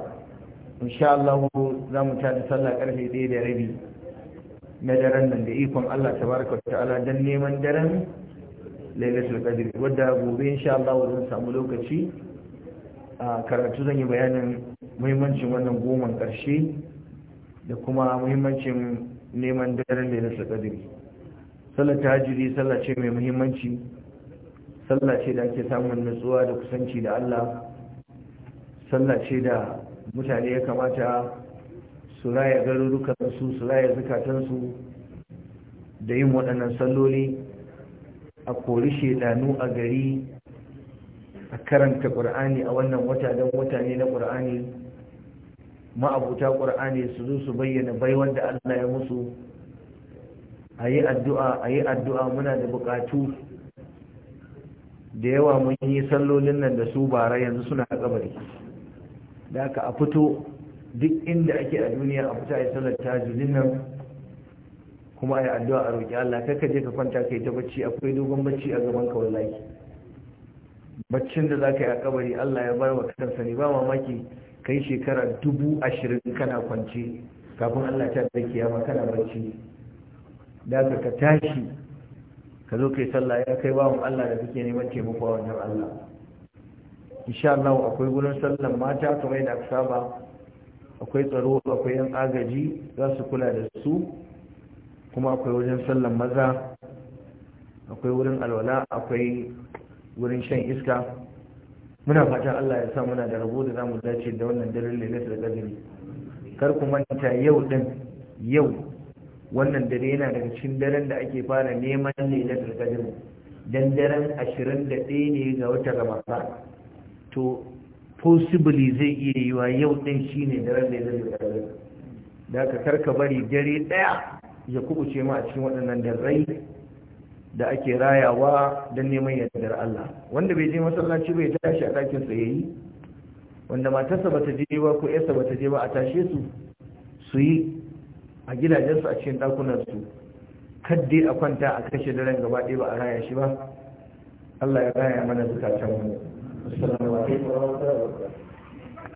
insha Allah za mu tada sallah karfe 1 da rabi na daren nan da ikon Allah tabaraka ta'ala dan neman daren lailatul qadr wadda gobe insha Allah zan samu lokaci a karatu zan yi bayanin muhimmancin wannan goman karshe da kuma muhimmancin neman daren lailatul qadr sallar tahajjudi sallah ce mai muhimmanci sallah ce da ake samun nutsuwa da kusanci da Allah sallah ce da mutane ya kamata su raya garurukan su su raya zukatansu da yin waɗannan salloli a kori shaidanu a gari a karanta ƙur'ani a wannan wata don mutane na ƙur'ani ma'abuta ƙur'ani su zo su bayyana baiwar da allah ya musu a yi addu'a a yi addu'a muna da buƙatu da yawa mun yi sallolin nan da su bara yanzu suna kabari da aka a fito duk inda ake a duniya a fita a yi sallar tajilin nan kuma a yi addu'a a roƙi Allah kai ka je ka kwanta yi ta bacci akwai dogon bacci a gaban ka wallahi baccin da za ka yi a kabari Allah ya bar wa kansa ne ba mamaki kai shekara dubu ashirin kana kwance kafin Allah ta da kiyama kana bacci da ka tashi ka zo kai sallah ya kai bawan Allah da kake neman taimako a wajen Allah insha Allah akwai gurin sallan mata kamar yadda saba akwai tsaro akwai yan agaji za su kula da su kuma akwai wajen sallan maza akwai wurin alwala akwai wurin shan iska muna fatan Allah ya sa muna da rabo da zamu dace da wannan daren da qadr kar ku manta yau din yau wannan dare yana daga cikin daren da ake fara neman da qadr dan daren 21 ne ga wata Ramadan to possibly zai iya yiwa yau din shine daren da qadr da ka karka bari dare daya ya kubuce ma a cikin waɗannan darrai da ake rayawa don neman yadda Allah wanda bai je masallaci bai tashi a ɗakin tsayayi wanda matarsa bata je ba ko yarsa bata je ba a tashe su su yi a gidajensu a cikin ɗakunansu kadde a kwanta a kashe daren gaba ɗaya ba a raya shi ba Allah ya raya mana zukatanmu assalamu alaikum